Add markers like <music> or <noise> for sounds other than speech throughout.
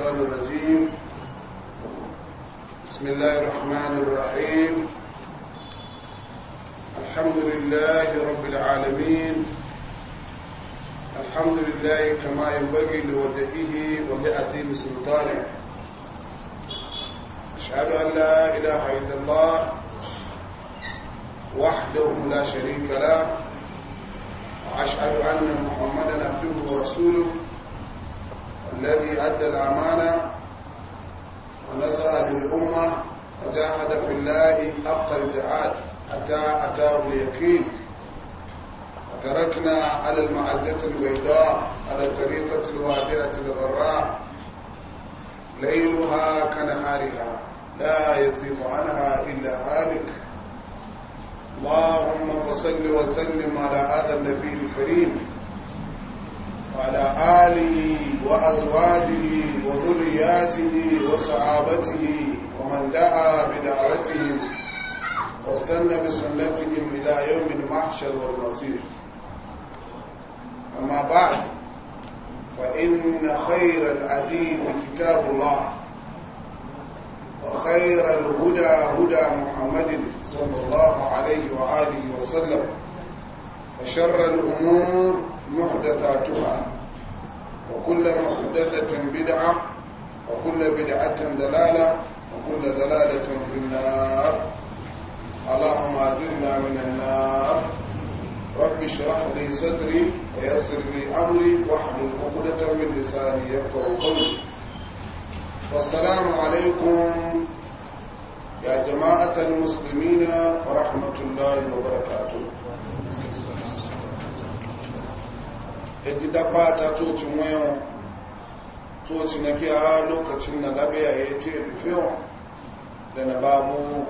الشيطان الرجيم بسم الله الرحمن الرحيم الحمد لله رب العالمين الحمد لله كما ينبغي لوجهه ولعظيم سلطانه أشهد أن لا إله إلا الله وحده لا شريك له وأشهد أن محمدا عبده ورسوله الذي أدى الأمانة ونصر للأمة وجاهد في الله حق الجهاد حتى أتاه اليقين وتركنا على المعدة البيضاء على الطريقة الوادئة الغراء ليلها كنهارها لا يزيغ عنها إلا هالك اللهم فصل وسلم على هذا النبي الكريم وعلى آله وأزواجه وذرياته وصحابته ومن دعا بدعوتهم واستنى بسنتهم إلى يوم المحشر والمصير أما بعد فإن خير الحديث كتاب الله وخير الهدى هدى محمد صلى الله عليه وآله وسلم وشر الأمور محدثاتها وكل محدثة بدعة وكل بدعة دلالة وكل دلالة في النار اللهم أجرنا من النار رب اشرح لي صدري ويسر لي أمري واحلل عقدة من لساني يفقه قولي والسلام عليكم يا جماعة المسلمين ورحمة الله وبركاته edi daba ta coci wayan coci na ke a lokacin na a ya ce lufiyon da na babu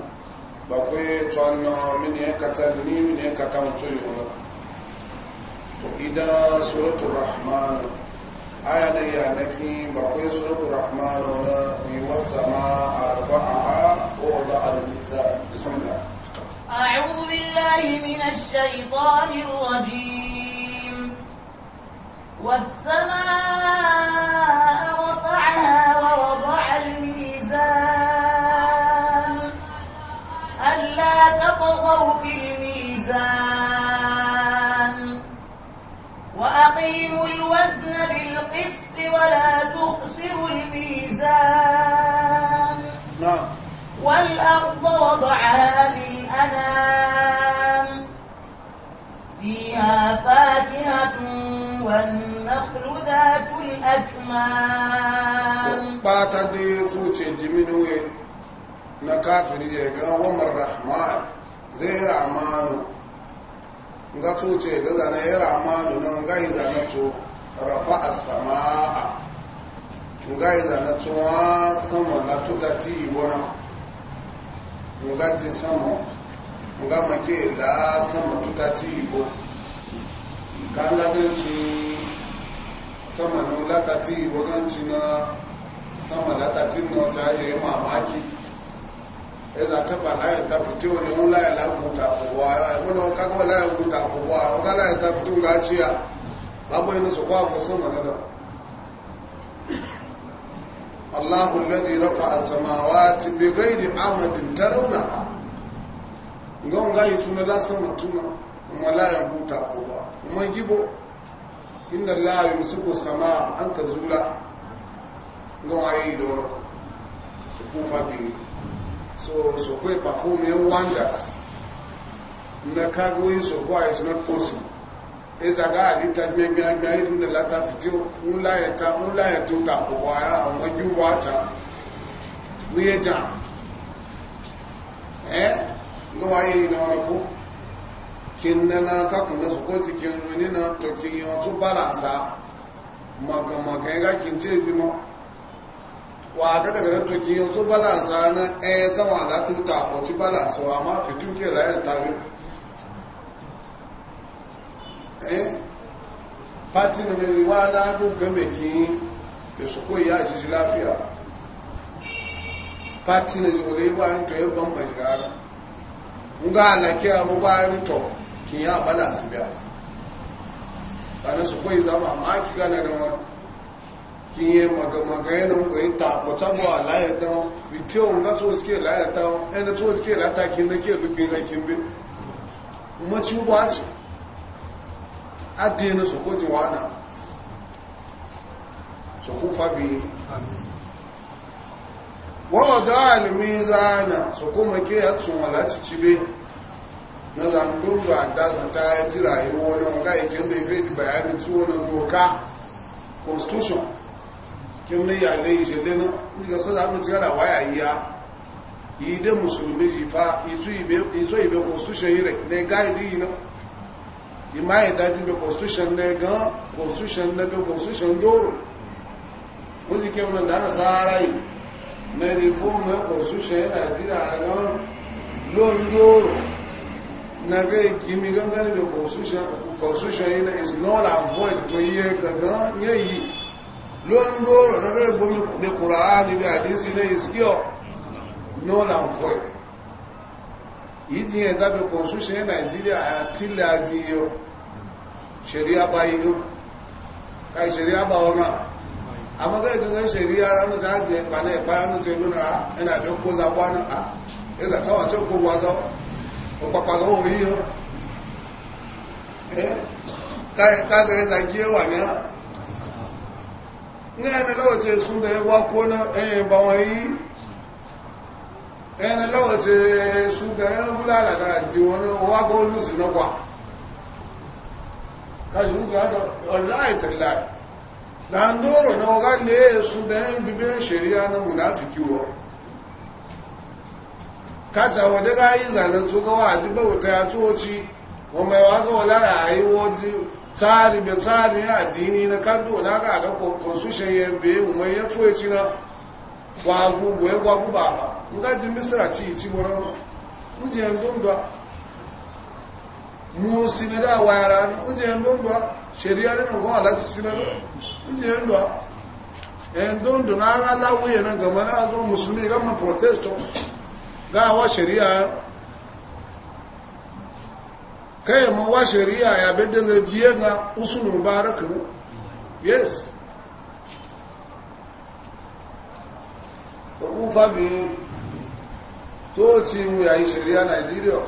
bakwai tsohon mini ya kata ni mini ya kata wancu yana to idan suratul rahman aya da yanaki bakwai suratul rahman na yiwuwar sama a a rafa'aha ko da almiza bismillah أعوذ بالله من الشيطان الرجيم والسماء رفعها ووضع الميزان ألا تطغوا في الميزان وأقيموا الوزن بالقسط ولا تخسروا الميزان نعم والأرض وضعها للأنام فيها فاكهة والنعم والنخل ذات الأكمام باتا دي توتي جمينوي نكافر يجا وما الرحمن زي رحمانو nga tuce da zane ya ramanu na nga yi zane to rafa a sama'a nga yi zane to wa sama na tuta ti ibona nga ti sama da sama tuta kan labin sama na latati waganci na sama latatin na wata ya mamaki ya za ta ba layin ta fito ne wani layin lagunta kowa ya yi wani waka kuma layin guta kowa ya waka layin ta fito ga ciya babu yana su kwa kusa mana da Allah alladhi rafa'a as-samawati bighayri amadin tarawnaha ngonga yituna sama tuna wala ya guta kowa magibo inna allaha yumsiku samaa an tazula no ayi do su kufa bi so so kwe perform wonders na kago yi so kwa is not possible eza ga alita gbẹgbẹ agbẹ iru na lata fiti nla ẹta nla ẹta ta kọkọ ya àwọn ju wa ta wíyẹ jà ẹ lọ́wọ́ ayé ìnáwó kinnana kakuna su ko ti kinnuni na to kinyo tu balansa maka maka ga kince ti mo wa ga daga to kinyo tu balansa na e eh, ta wa la tu ta ko ti balansa wa ya ta pati ni ni wa da ku ya pati ni ji to e ban ba nga na ke ni kin ya bala su biya tare su koyi zama ma ki gana da wani kin yi magamaga yana koyi ta kwata bu a layar ta fitiyo nga so suke layar ta yana eh, so suke layar ta kin da ke lubin na kin bi kuma ci ba ci adini su koji wana su kufa bi wa da almizana su kuma ke yatsun wala ci cibe na zanduru a dasa ta ya ti rayuwa wani ga ikin mai fai da bayanin tuwo na doka constitution kim na yale yi shele na ga sada mu cika da waya iya yi da musulmi ji fa izo ibe constitution yi rai na ga idi yi na ima ya daju be constitution na ga constitution na be constitution doro wani kim na da nasara yi na reform na constitution ya nigeria na ga lori doro nage kimi gangani da construction, yana is not avoid to yi gaga ya yi lon goro na ga bomi da qur'ani da hadisi na is kio not avoid yiti ya da be construction in Nigeria atila ajiyo sharia ba yi go kai sharia ba wona amma ga ga sharia ran sa ga ba na ba ran sai nuna ina da ko za ba na a za ta wace ko wazo ọ̀pàpà lọ́wọ́ yìí ó káàkiri nàìjíríà wà ní á ní ẹni lọ́wọ́ tí sún tẹ wá kó náà ẹ̀yìn bá wọn yìí ẹni lọ́wọ́ tí sún tẹ búláàlà náà di wọn náà wá kó lùsì náà wà káàkiri nàìjíríà ọ̀lá ìtẹ̀lá dàndóró náà wọ́n ká lè sún tẹ bíbí ṣèríà náà mùnáfìkì wọ́n kacha wode ga yi zanen tsoga wa aji bauta ya tsoci wa mai waga wa lara ayi wodi tsari be tsari ya addini na kando na ga ga constitution ya be yi mai ya tsoci na wa gugu ya gwa guba ba nga ji misra ci ci moro uje ndondo mu sinada wa yara uje ndondo sheria ne ko ala sinada uje ndondo ndondo na ga lawo yana ga na zo musulmi ga protestant. ga wa shari'a kai ma wa shari'a ya bada zai biye ga usul mubarak ne yes ufa bi to ci mu yayi shari'a Nigeria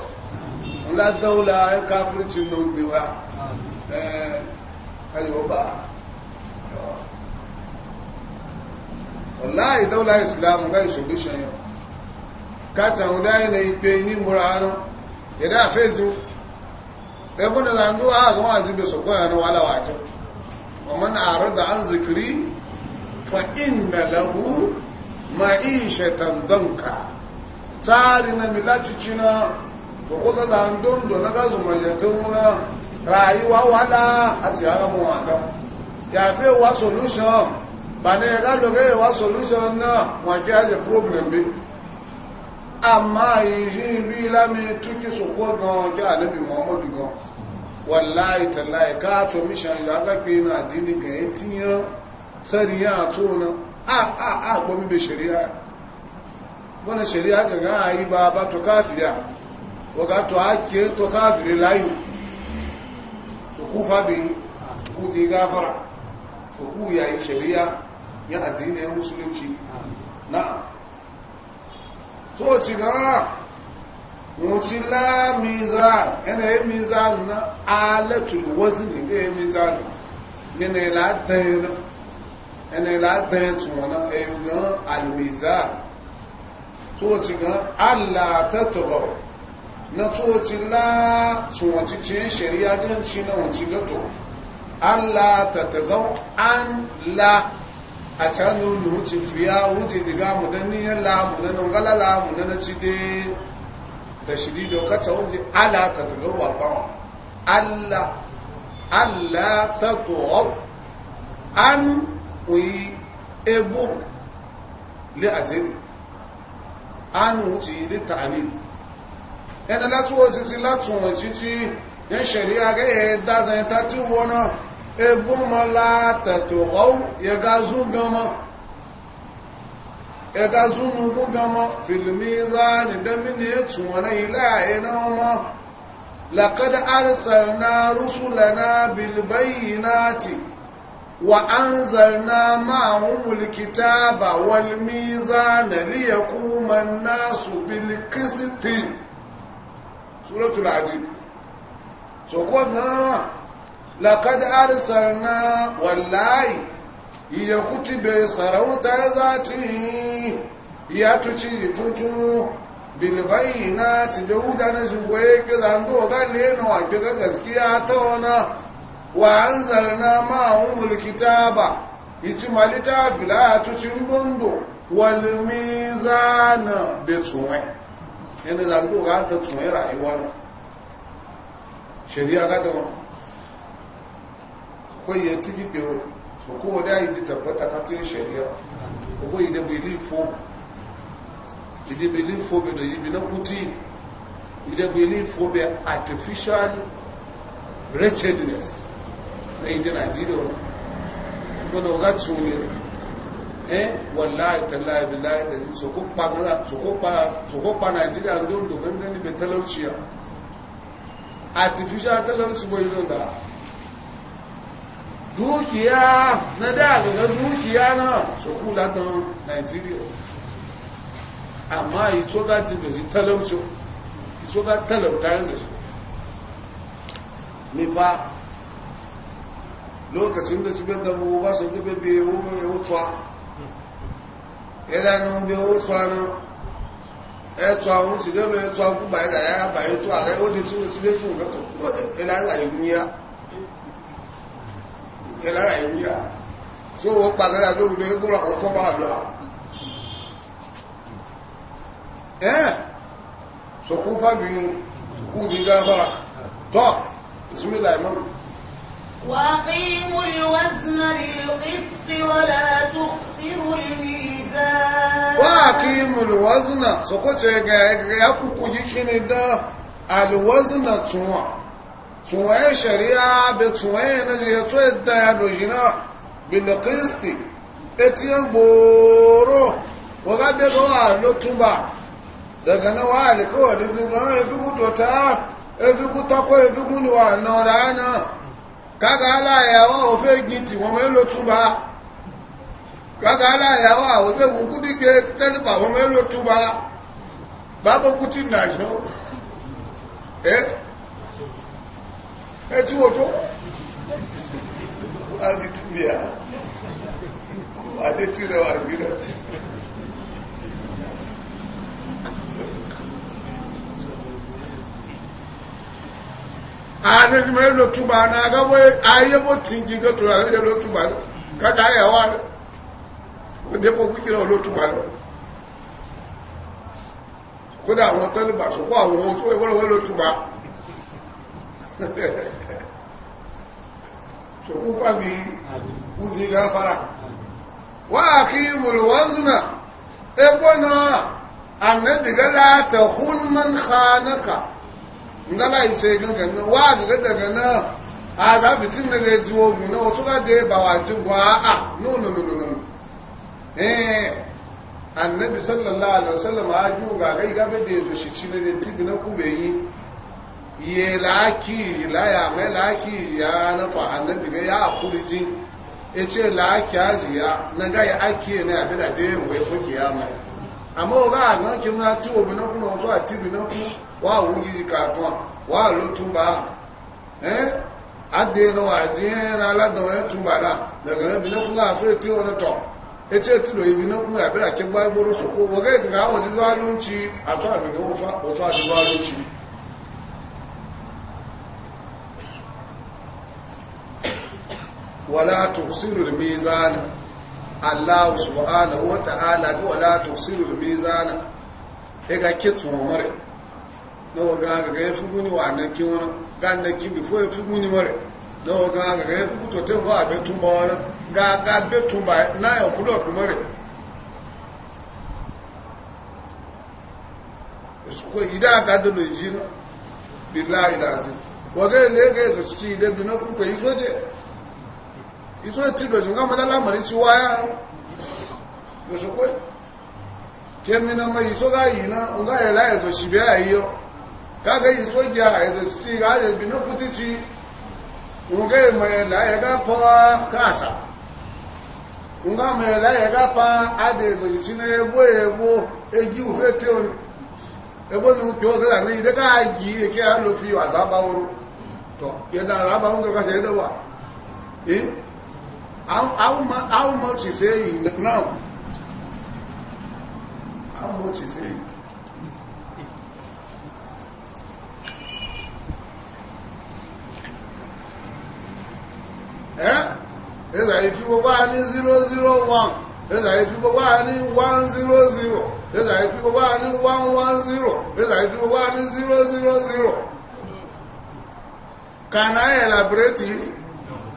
la daula ya e kafirci nan biwa eh ayo ba wallahi daula islam ga kata hudai na ipe ni murano ida fetu ebo da landu a gon ati be sokon ana wala wato ومن أعرض عن ذكري فإن له معيشة ضنكا tsari na milacici na tukuta da dondo na gazu majatun na rayuwa wala a ti haka mu wada ya fi wa solution ba ne amma ihe bi lami tuki su ko gan ki anabi muhammadu gan wallahi tallahi ka to mishan ga ga na dini ga etiyan sariya na a a a gbo be sharia bona sharia ga ga ba ba to to ake to kafiri layu ku ku ti gafara ku ya sharia ya addini musulunci na'am tó ti gan wọ́n ti lá mizan ẹnà ẹ mizan na alẹ́tùlù wọ́sí nìkẹ́ ẹ mizan nínú ìlà dẹ́yìn náà ẹnà ìlà dẹ́yìn tún wọn náà ẹ̀yìn gan alìmizan tó ti gan alàtẹ́tọ̀ọ̀ na tó ti lá tún ti ṣe ṣẹ̀rí agẹ́ǹṣin náà ti lọ́tọ̀ alàtẹ̀tẹ̀tọ̀ an la a canu luci fiya wuce diga mu dan niyyar lamu na nan gala lamu na na ci dai ta shiri da kata wuce ala ta daga waba alla alla ta tuwab an uyi ebo le ajini an wuce le ta'ani yana latuwa titi latuwa titi yan shari'a ebuma látàtò ọ́wọ́ yẹgazú gama yẹgazú nùgbù gama fìlìmíza ní dẹ́mínì ètù wọn ilẹ̀ àìyàn ọmọ lẹ́kọ́dẹ̀ arìsàn náà rúsùlẹ̀ náà bilibayi náà ti wà án zàrì náà máa hún mulikita bá wọlì míza nàlíyàkú manná su bili kìsìtì sọ́kọ́ náà لقد أرسلنا والله يكتب سروت ذاته يتشي تتو بالبينات دوزان شويك زندو غالين وعجبك غسكياتونا وأنزلنا معهم الكتاب يتما لتافلا تتشمبندو والميزان بتوين يعني زندو غالين تتوين رأيوانا شريعة غالين ko ya tiki biyo so ko da yi tabbata ta tin shari'a ko yi da bilifo ide bilifo be do yibi na kuti ide fo be artificial wretchedness na ide Nigeria ko no ga tsumi eh wallahi tallahi billahi da so ko pa so ko pa so ko pa Nigeria zo do gangan ni be talauciya artificial talauci boy don da dukiya na dagaga dukiya na sokula don nigeria amma yi tsoga da shi talauci yi tsoga talauta yin da shi mi fa lokacin da su bai dabo ba su gibe bai wumin ya wutuwa idanun bai wutuwa na ẹtọ àwọn ti lẹ́nu ẹtọ agbúgbà ẹ̀dà yára bàyẹ̀ tó ààrẹ ó di tí ó ti lé sí ìgbẹ́kọ̀ọ́ ẹ̀dà ńlá ìgbìyà yẹn lára ìlú yà so ó pàgẹ́rẹ́ àdóòrùdó yẹn kóra ọ̀tọ́ bá àdó à ẹ́ sọ̀kú fábìyàn sọ̀kú ní gáfàrà tọ́ ìsinmi láìmọ́ وَأَقِيمُوا الْوَزْنَ بِالْقِسْطِ وَلَا تُخْسِرُوا الْمِيزَانَ وَأَقِيمُوا الْوَزْنَ سَكُوتَ ga ya kuku tsuwaye shari'a da tsuwaye na jirya tsuwaye da ya doji e e e tota, na bilikisti etiyan gboro waga daga wa lotuba daga na wa alikawa da fi gama ya fi guto ta ya fi guta ko ya fi guni wa na rana kaga ala yawa ofe giti wọn mai lotuba kaga ala yawa ofe gugudi gbe taliba wọn mai lotuba babu kutin na shi ẹtú òjò láti tí bí a adé tí rẹwà gbìrẹ̀ ààrẹ ìgbìmọ̀ ló túbà náà gbogbo ayé bó ti ń jígé tó rẹ̀ ló túbà náà kàkà ẹ̀wà rẹ̀ ó dé kó gbígbìrẹ̀ ló túbà náà kódà àwọn tẹ́lẹ̀ bàṣọ́kọ́ àwọn ohun tó ẹgbẹ́rẹ̀ wọ́n ló túbà náà <laughs> ṣòkúfà bí kú ti gáfara wà kí mùlùwánzùnà egbó náà annabiga láta hún man khanaka ngala ìṣe gangan wà gẹ́gẹ́ daga náà a zafi tí na lè ji ogun náà tó bá dé bá wà jí gbọ́ àà nùnùnùnùnù eh annabi sallallahu alaihi wasallam a ju ga gai gabe da ya zo shi ci na ne tibi na kube yi ye laki la ya mai ya na fa annabi ga ya akuriji yace ya jiya na ga ya ake ne ya da fuki ya mai o ga na na tuwo bi na kuma zuwa tibi na ku wa wugi ka to wa lo tuba eh ade no aje na la do ya tu da daga bi na so ti wona to na gba so ko ga ga wala tuhsirul mizan Allah subhanahu wa ta'ala ga wala tuhsirul mizan e ga kitu mare no ga ga ga fuguni wa na ki wona ga na ki bi fo fuguni mare no ga ga ga fugu to te wa be tumba wona ga ga be tumba na yo kulo ku mare ko ida ga do lo jino billahi lazim wa ga le ga to si de bi na ku to isoje izo ti do jinga mala la mari ci waya do so ko kemi na mai izo ga yina nga ela e to sibe ayo ka ga izo ja e to si ga e bi no kuti ci nga e mai la e ga pa kasa nga mai la e ga pa ade do ci na ebo ebo eji uhe fete on ebo nu pyo ga na ide ga ji e ke a lo fi wa za ba woro to ye da ra ba nga ka te da wa eh How, how, how much is he now? How much is he? Eh? It's like if you buy zero one. It's like if you one zero zero. It's like one one It's like if you Can I elaborate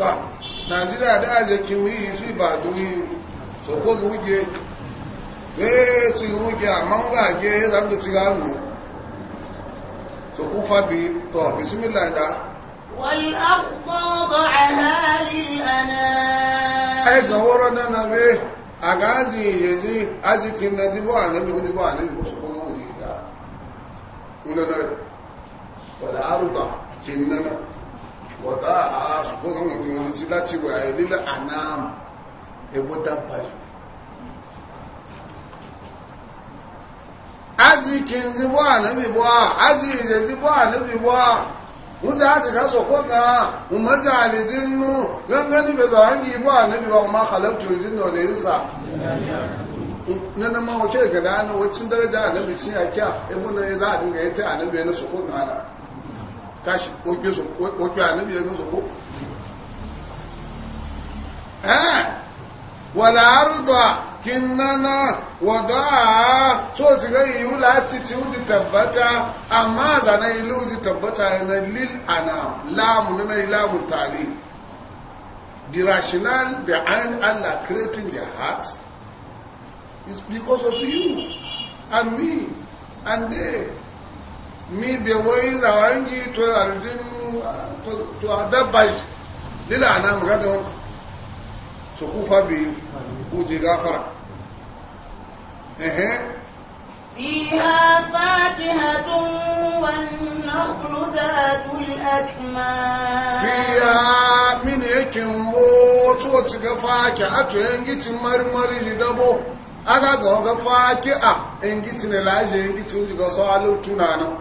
tọ́ nàìjíríà dáàjẹ́ kí mú yìí sí ìbàdó yìí sọ́kó mú jẹ bẹ́ẹ̀ àmọ́ngà jẹ́ ti rà nù sọ́kó fàbí tọ́ bísímìlà ẹ̀dá ẹgbẹ̀ wọ́rọ̀ náà bẹ́ àgáàzì ìyẹ̀zí ájíkí nàdíbọ̀ ànẹ́bí oníbọ̀ wọ̀tá àṣùgbọ́n àwọn òfin wọn sí láti wà nílẹ̀ ànáàmù ẹgbọ́ dábà ájì kí n ti bọ́ ànábì ájì ìjẹ̀ ti bọ́ ànábì bọ́ à ájì ká sọ̀kọ́ kan wọ́n mọ́jà àlè ti nú gángan níbẹ̀ ma wace gada daraja annabi cin akiya ibnu ya za a dinga yace annabi ne káṣí ojú ànábì ẹgbẹ́ sọ̀kó wọ̀lá àrùdọ̀ kí nánà wọ̀dọ̀ àá tó ti rẹ̀ ìlú láti tí ó ti tàbátá àmá ilé ó ti tàbátá ẹ̀nà líl àná láàmù nínú ìlàmù tààrí the rationale behind Allah creating their heart is because of you and me and they mi be wai zawangi to aljinnu to adabba lila na mu gada wani su kufa bi kuje gafara ehe فيها فاكهة والنخل ذات الأكمام فيها من يكن وطوة فاكهة ينجت مرمر جدبو أغا غا فاكهة ينجت نلاجه ينجت نجد صالو تنانا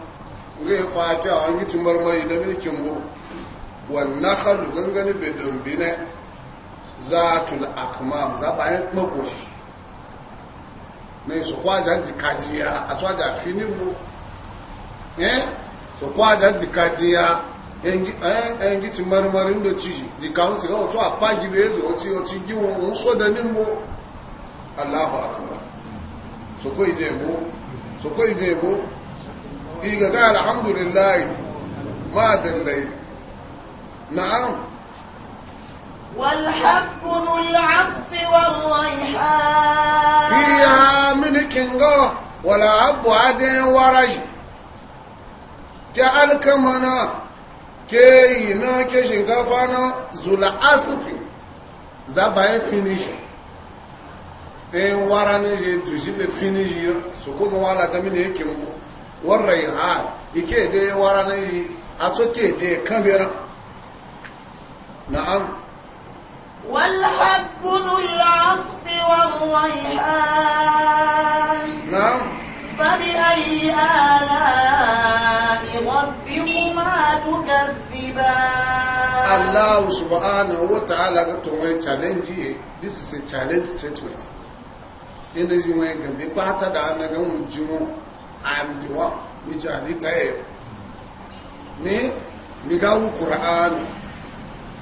ngai fata an gici marmari da milkin bu wannan halu gangani bai dombi ne zatul akmam za bayan makoshi ne su kwaja jikajiya a tsaja finin bu eh su kwaja jikajiya yan gici eh, marmarin da ci jikawun ti gawo tsawa fagi bai zo oci oci giwon so da nin bu allahu akbar su ko ije bu su ko ije bu fi ga ga alhamdulillahi ma na na'am wal habbu dhul 'asfi war rayhan fiha min kingo wal habbu adin waraj ka alkamana ke ina ke shinkafa na zul asfi zaba e finish e warane je tu jibe finish so ko mo wala gamine ke mo warrai ha ike de wara na yi a tsoke na'am والحب ذو العصف والريحان نعم فبأي آلاء ربكما تكذبان الله سبحانه وتعالى قد challenge this is a challenge statement inda ji wani gambe ba ta da na gamun jimo amgiwa mijani tayo ni migawu qur'anu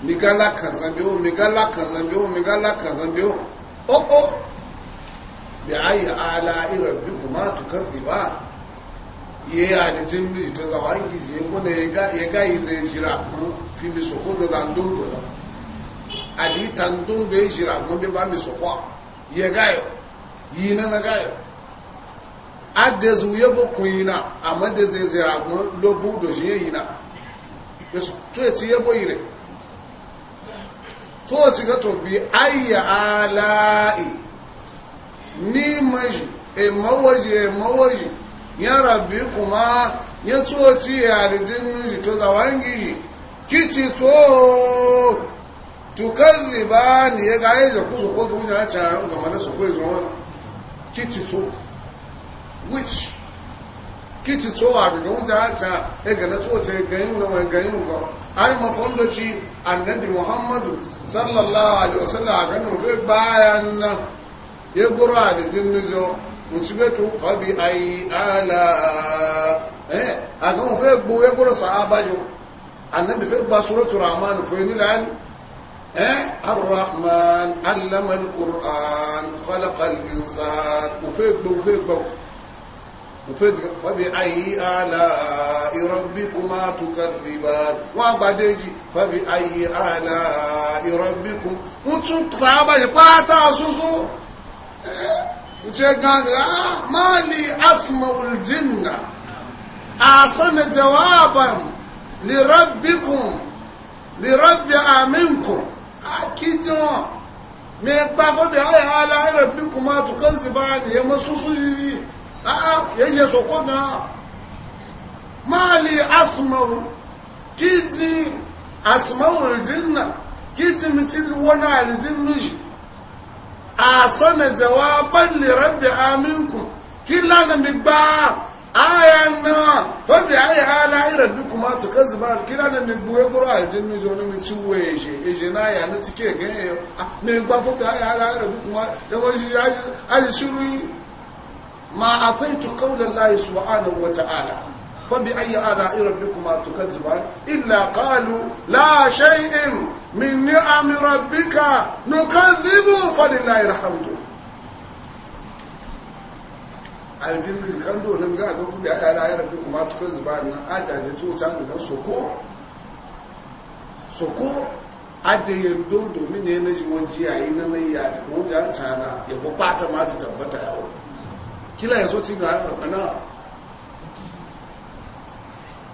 migala kazambio migala kazambio migala kazambio o oh, o oh. bi ayi ala rabbikuma tukadiba ye ani jinni to za zawangi je kuna yega yega ize jira mu fi mi soko ga zandungo ali tandungo jira mu be ba mi soko yega yo yina na ga yo adezu ye boku yina amadeze zera a gbon lo bu do je yina yesu to eti ye bo ire to ti ga to bi ayya alai ni maji e mawaji e mawaji ya rabbi kuma ya to ti ya rijin ji to da wangi kiti to tukallibani ya ga ya ku so ko bu na cha ga mana so ko zo kiti to which kiti tso abiga wunta ta e gana tso ce gayin na wani gayin ko ari ci annabi muhammad sallallahu alaihi wasallam a ganin fe bayan na ya gura da jinnuzo mutubetu fabi ai ala eh a ganin fe gbo ya gura sahaba jo annabi fe ba suratul rahman fe ni lan eh ar-rahman allama al-qur'an khalaqa al-insan fe gbo fe gbo fabi'ayi ala irabbikuma tukadhiban wọn gbàdéjì fabi'ayi ala irabbikum wọn tún sábà yìí pátá sọsọ n ṣe gangan ah maali asma uljinna asana jawaban lirabbikum lirabbi aminkum akijan mẹ́gbà fabi'ayi ala irabbikuma tukadhiban yẹ ma sọsọ yìí. a'a yeye soko na mali asmahu kiji asmahu aljinna kiji mitin wani aljin miji a rabbi aminku mi ba ayan na rabbi ayi ala rabbi kuma to kaziba kila da mi miji wani mi ci weje eje na ya na tike ga me gba fuka ayi ala rabbi kuma da ما أطيت قول الله سبحانه وتعالى فبأي آلاء ربكما تكذبان إلا قالوا لا شيء من نعم ربك نكذب فلله الحمد aljin kan donin ga ga fubi aya la yara duk ma tukar zuba na ajaje cuta da soko soko adaye don domin ne na jiwon jiyayi na nan ya da ya bata ma ta tabbata ya wani kila cin ci ga ana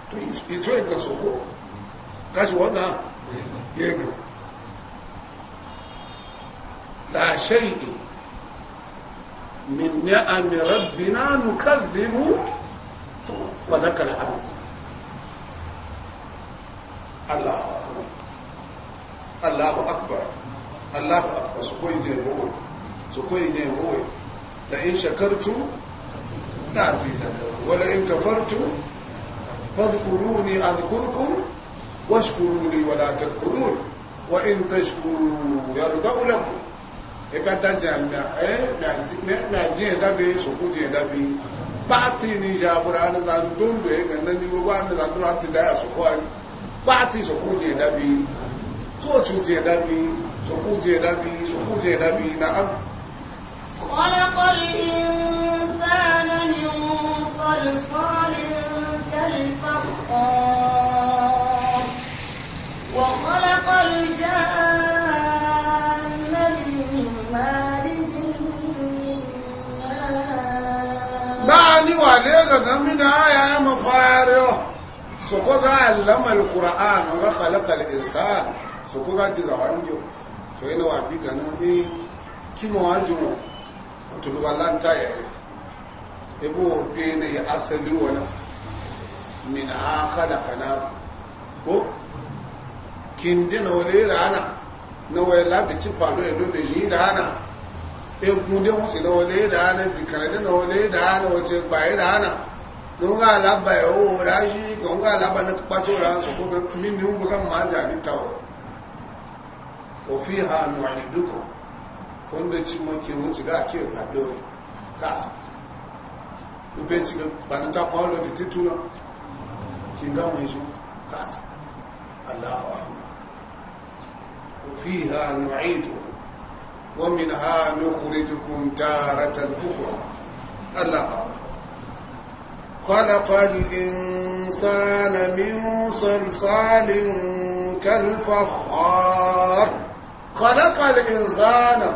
to itso so ko kashi yi yego la shay min ni'am rabbina nukazzibu wa lakal hamd Allah Allahu akbar Allahu akbar su koyi zai bawai Su koyi zai bawai da in shakartu na zidannakum wala in kafartu fadhkuruni adhkurkum washkuruni wala takfurun wa in tashkuru yardahu eh e, na je da be so ku je da bi ti ni ja buran za dun be ga nan ni ba da za dun ati da ya so ko bati so ku je da bi je da bi ku je da bi ku je da bi na خلق الإنسان من صلصال وخلق الجان من دعني وعليك من آية مفارق so ko ga allama alquran wa khalaqa al-insan so ko ga ti zawanjo to ina wa bi ganan kimo wajumo tulu walanta ya yi ibo ya asali wani min ha kada kana ko kinde na wani rana na wani labici falo ya lobe shi rana egun de wọn si na wani rana jikanade na wani rana wace bayi rana don ga alaba ya o rashi alaba na kpaso ran su ko min ni ma ofi ha nu'idukum fondo ci mo ke mo ci ga ke ba do kasa u be ci ba ta ko fiti tuna ki ga mo ji kasa Allahu akbar fiha nu'idukum wa minha nukhrijukum taratan خلق الإنسان من صلصال كالفخار خلق الإنسان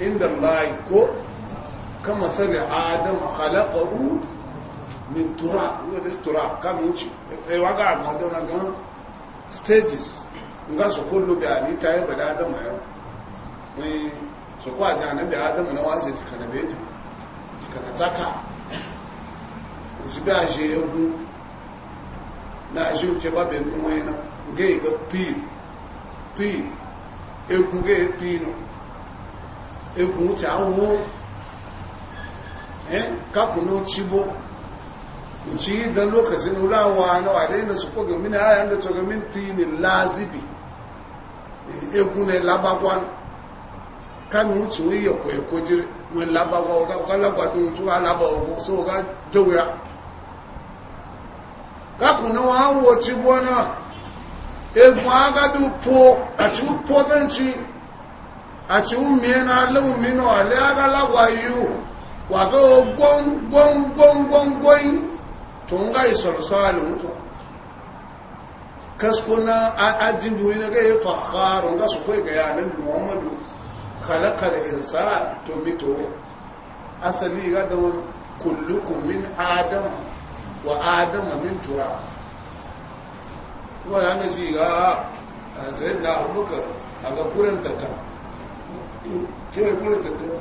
inda Allah ko kama tsari adam khalaqahu min tura, turab wanda turab kamin shi sai waga amma na wannan stages nga su kullu da ni ta yi bada adam ayo wai su kwa janabi adam na waje jikana beto jikana tsaka su bi a je yagu na je ke babin ɗin wani na ga yi ga tin tin egun ga yi tinu ekun ti awo eh kakuno chibo ci dan lokacin ulawa na wadai na su koga mini haya da tsoga min tini lazibi egwu na labagwan kami wuce wani ya koya jiri labagwa ga labagwa ha so ka na pụọ a pụọ dị don àti mìíràn alẹ́ mìíràn alẹ́ to n ka yi gbọ́ngbọ́ngbọ́ngbọ́n tó a le mutu. alìmútọ̀ kasko na ajindu yana ga yi a ga su kai ga kala muhammadu halakar insa to mito asali ga da wani kullukun min adam wa adam min tura wa yana ji ga sayid na abubakar a ga kuranta ta ke kuranta ta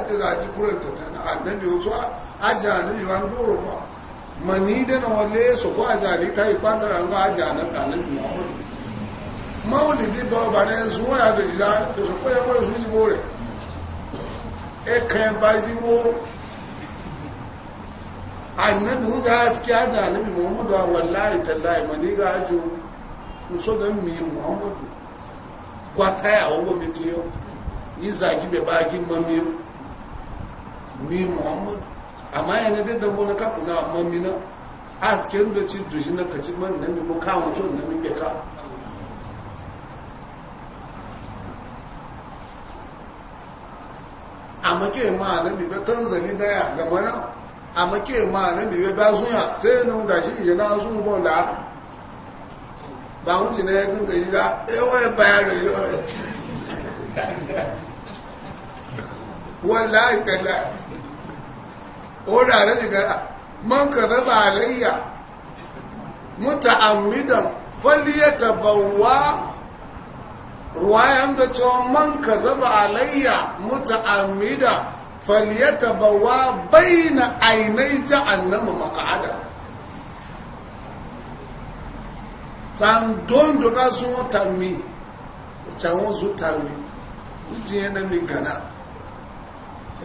adira ji kuranta ta na annabi wato aja annabi ba doro ba mani da na wale su ko aja ni ta yi an ga aja na annabi muhammad maulidi ba ba ne su waya da jila da su koyar wani su ji bore e kan ba ji bo annabi mun ga haske aja annabi muhammad wallahi tallahi mani ga ajo muso da mi muhammad kwataya owo mi ti yo izagi be bagi mami mi muhammad amma yana da dabo na kaku na mami na asken da ci dushi na kaci ma na mi ko ka mutu na mi be ka amma ke ma ne mi be tanzani da ya ga mana amma ke ma na bi be bazuya sai na da shi je na zuwa la ba wuce na yankin gari ba yawon da rai yawon wallahi kalla o da rai gara man ka raba alayya muta amidan fali ya Ruwa ruwayan da cewa man ka zaba alayya muta amidan fali ya tabawa bai na ainihin ja'an nama maka'adar tantondo ka sun tami cawon su tami ujiye na mi gana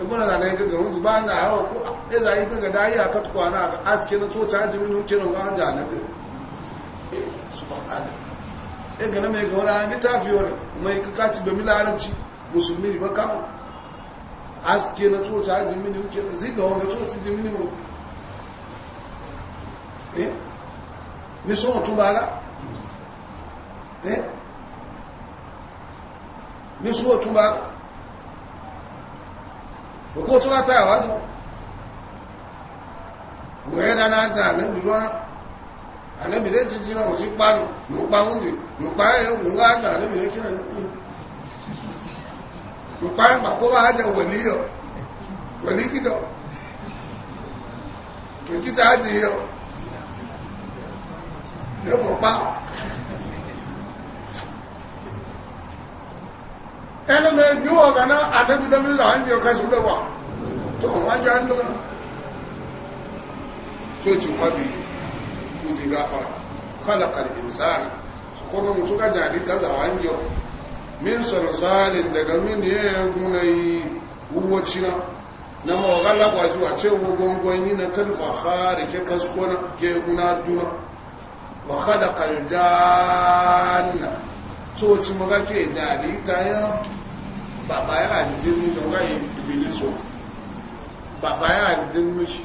ebuna da na yi gaga hunzu ba na hawa ko e za yi gaga da yi a katukwa na aske na coci hajji mini hukke na wani hajji anabi e su ba ala e gana mai ga wani hannun tafi wani mai kakaci ba mila haramci musulmi ba kawo aske na coci hajji mini hukke na zai ga wani coci ji mini hukke eh mi sun otu ba ga eh mi su otun ba ko to ata wa so we da na ta le du na ale ti ti na o ti pa nu mo pa won ti mo pa e mo ga ga ale mi de kira ni mo pa e pa ko ba ja woni pa ẹni mẹ bí wọ́n kan náà àdébídẹ́bílì là ń jẹ kẹsùn lọ́wọ́ tó wọ́n jẹ́ ń lọ́nà tó ti fábí kú ti gáfara kọ́lá kàlìkì sáàlì kọ́kọ́ mu suka jadi ta zawan yau min sarsalin daga min ya guna yi wuwaci na na mawagala kwa zuwa ce gwangwan yi na kalfa hari ke kaskona ke guna duna wa kada kaljanna tó ti mọ́ kákí ẹ̀já àrí tayá bàbá yà àdìdé nínú ọgá ìbìlẹ̀ sọ bàbá yà àdìdé nínú ṣe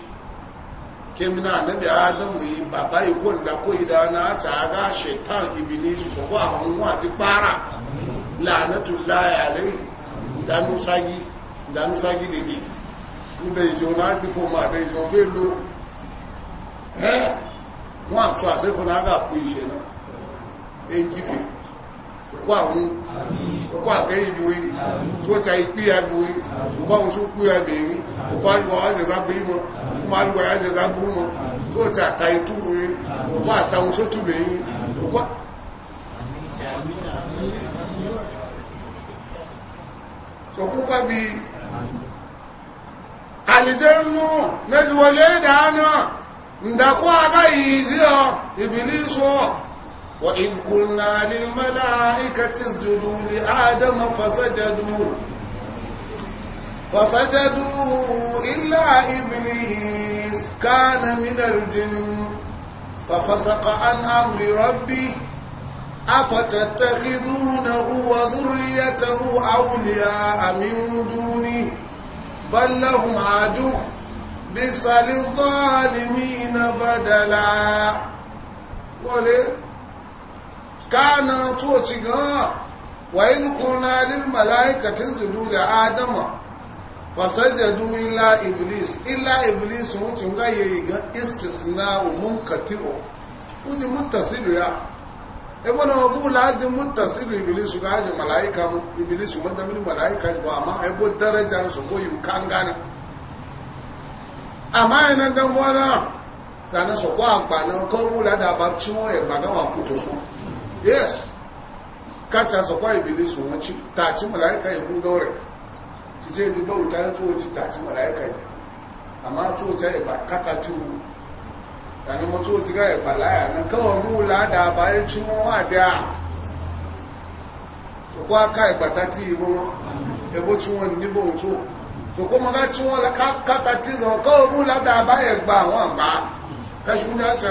kémi náà nẹ́bí ádámù yìí bàbá ikó ìdákó ìdáná àtàgá ṣẹ̀tàn ìbìlẹ̀ sọ̀kọ́ àwọn ohun àti pààrà làánẹ́tù láyà lẹ́yìn ìdánúságí ìdánúságí dèdè níbẹ̀ ìṣòro láti fọmọ àbẹ̀ ìṣòro fẹ́ lo ẹ́ wọ́n àtúnṣe fún náà gà kú ìṣẹ̀ náà èyí kìfẹ́ kó àwọn ọkọ̀ àkẹ́yìnbíwé tí ó ta ìpé agbóyí ọkọ̀ àwọn tó kú ẹgbẹ̀rin ọkọ̀ àlùwà àjẹsà gbérímọ̀ ọkọ̀ àlùwà àjẹsà gbúrúmọ̀ tí ó ta àta ìtúwé ọkọ̀ àtàwọn tó túbẹ̀rin ọkọ̀ وإذ قلنا للملائكة اسجدوا لآدم فسجدوا فسجدوا إلا إبليس كان من الجن ففسق عن أمر ربه أفتتخذونه وذريته أولياء من دوني بل لهم عدو بئس للظالمين بدلا وليه kana coci gan wayin kurna lil mala'ikatin zudu da adama fasajadu illa iblis illa iblis mutum ga yayi ga istisna munkati'u uji muttasilu ya ibn e abu laji muttasilu iblis ga ji mala'ika iblis ma da min mala'ika ba amma ai bo darajar su ko yu kan gane amma ina dan wara dana so ko agba ko wula da ba chumo ya ba ga wa kuto so yes kacha sọkwa ibilisu wọn ci taci malaika ibu dore ti ce di bauta ya tuwo ci taci malaika yi amma tuwo ta yi ba kata tuwo yani mo tuwo ti ga yi ba laya na kawo rula da bayan ci wọn wa da sọkwa ka igbata ti ibo wọn ebo ci wọn níbo sokwa sọkwa maka ci wọn kata ti zọ kawo rula da bayan gba wọn ba kashi ni a ca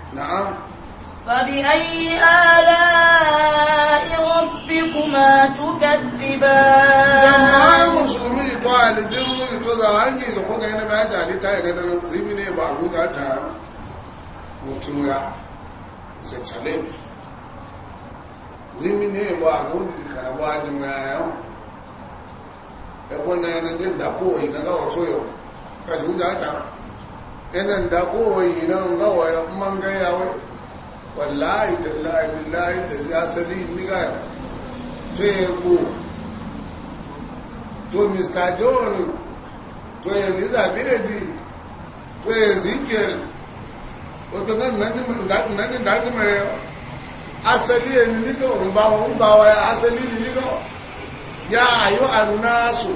نعم فبأي آلاء ربكما تكذبان جماعة مسلمين توا لجنون توا هنجي زكوا كأنه ما جاري تاي كذا زمينه بابو جاتا mutuwa sechalem zimine ba gonzi zikarabwa jumaya ebona ene ndenda ko ina ga otoyo kajuga ta inan da kowai inan gawaya man gaya wai wallahi tallahi billahi da zai asali niga to ya ko to mr john to ya niza biredi to ya zikir wato gan nan ni dani mai asali ni niga ba wa ya asali niga ya ayu annasu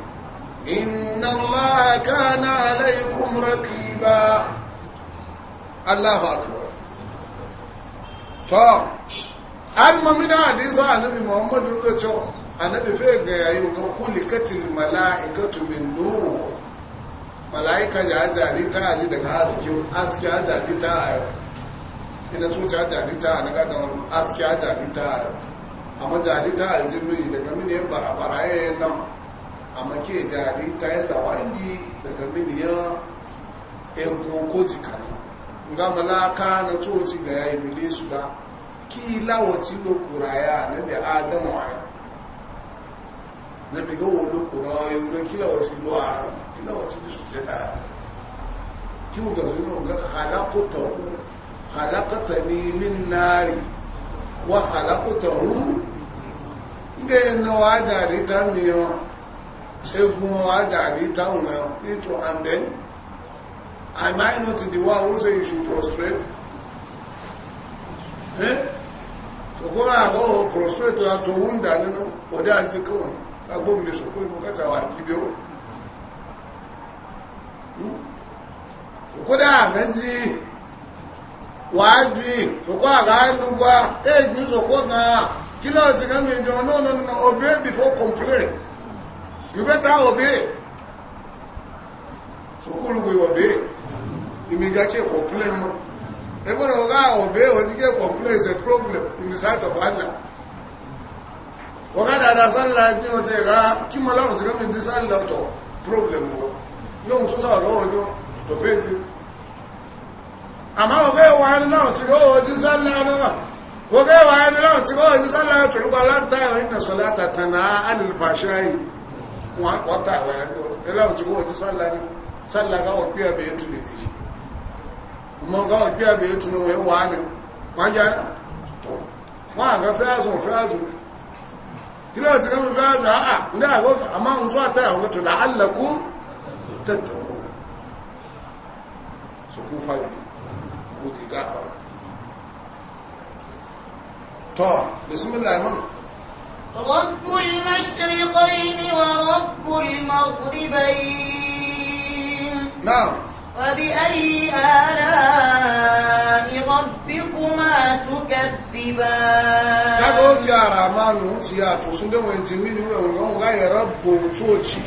inna allaha kana alaykum raqiba allahu akbar to an mamina hadisa annabi muhammad ruwa cewa annabi fa ga yayu ga kulli katil mala'ikatu min nur malaika ya jadi ta aji daga haske haske ya jadi ta ina tuta ya jadi ta na ga dawo haske ya jadi ta amma jadi ta aji ne daga mini barabara yayin nan amma ke jari ta yi zawali daga miliyan egun ko jikana nga malaka na coci ga ya imile su da ki lawaci lokura ya na bi adamu a na bi gawo lokura ya yi na kilawaci luwa kilawaci da su jada ki ga zuwa ga halakutahu halakatani min nari wa halakutahu ga yana wa jari ta miyan egun ajabi town well eh, into and then am I not the one who say you should prostrate? Eh? So go ndị prostrate la to wunda nínú ọdẹ àti kọwọn mi mo ti no no no obey before You better obey. So cool we obey. Imigake complain. Everybody oga obey or to get complain is a problem in the sight of Allah. Oga dada sálà tí wọ́n ti rá kí mọ́ lọ́rùn ti gọ́mìnì tí sálà ọ̀tọ̀ problem wọ́n. Lóhun tó sọ̀rọ̀ lọ́wọ́ ọjọ́ tó fẹ́ fi. Àmá ọgá ẹwà náà ti rọ́wọ́ tí sálà náà. Ọgá ẹwà ti rọ́wọ́ tí sálà wọn akọta àwọn ẹgbẹ́ ẹlẹ́wọ̀n tí wọ́n ti sọ́lá ní sọ́lá gáwọ̀ pí ẹ̀bẹ̀ ètù lè dìí mọ́ gáwọ̀ pí ẹ̀bẹ̀ ètù ní wọ́n wà ní wọ́n jẹ́ náà wọ́n àgbà fẹ́ẹ́sùn fẹ́ẹ́sùn kí lọ́wọ́ ti kọ́ mi fẹ́ẹ́sùn àà ní àgọ́ àmá ń sọ àtà tọ́ bisimilá mọ́ رب المشرقين ورب المغربين نعم فبأي آلاء ربكما تكذبان كادون يا رحمن انتي اتوسنده وانتي مين وان غاي رب توتشي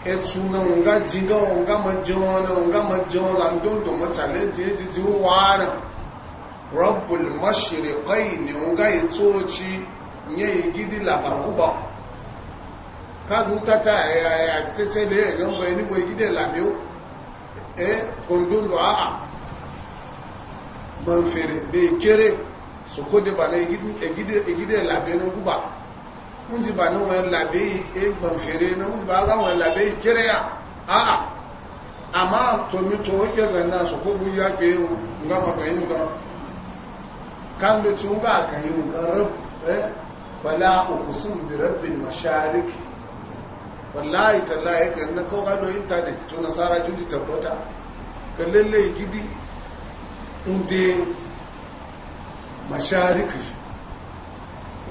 etuna nga jinga nga majona nga majona ndondo matalenji edidi wana rabbul mashriqain nga itochi nye gidi labakuba kagu tata ya tese le gamba ni bo gidi labio e fondun lo a man fere be kere so ko de bana gidi gidi gidi labio no kuba unji bana wa labe e man fere no unji ba ga wa labe kere ya a a ama to mi to o ke na so ko bu ya pe ngama ko yin ga kan de tun ga fala uqsimu bi rabbil masharik wallahi tallahi kan na kawo gado internet to nasara juji tabbata kan lalle gidi unde masharik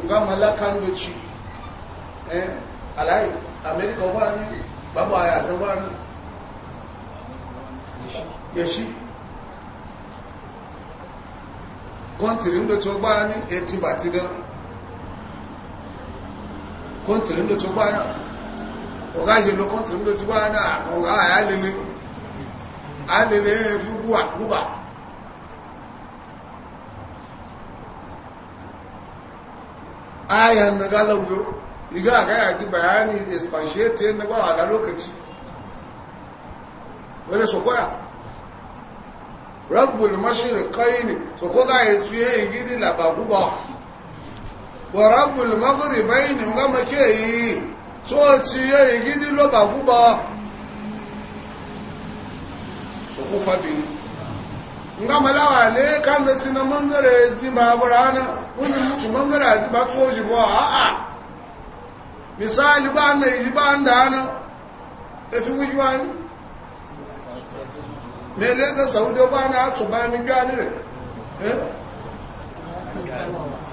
ga malakan doci eh alai america ba babu aya da ba ni yashi kọ́ntìrí ń lọ tí kọ́ntìrì ló na bá náà ọ̀gá ṣe lọ kọ́ntìrì ló tó ha náà ọ̀gá àyálẹ́lẹ́ àyálẹ́lẹ́ fi gúwà gúwà ayan na galabuyo iga a gaya ti bayani expansiyatin na bawa da lokaci wani sokoya rabbul sokwa kai ne sokoga ya tsuye gidi labagubawa warabul maghribain nga make yi tsoci ya yi gidi lo ba guba so ku fabi nga malawa ne kan da na mangare ji ba burana wani mutu mangare ji ba tsoji ba a a misali ba na yi ba an da ana efi wujuwa ne mele ga saudi ba na atu ba mi gani re eh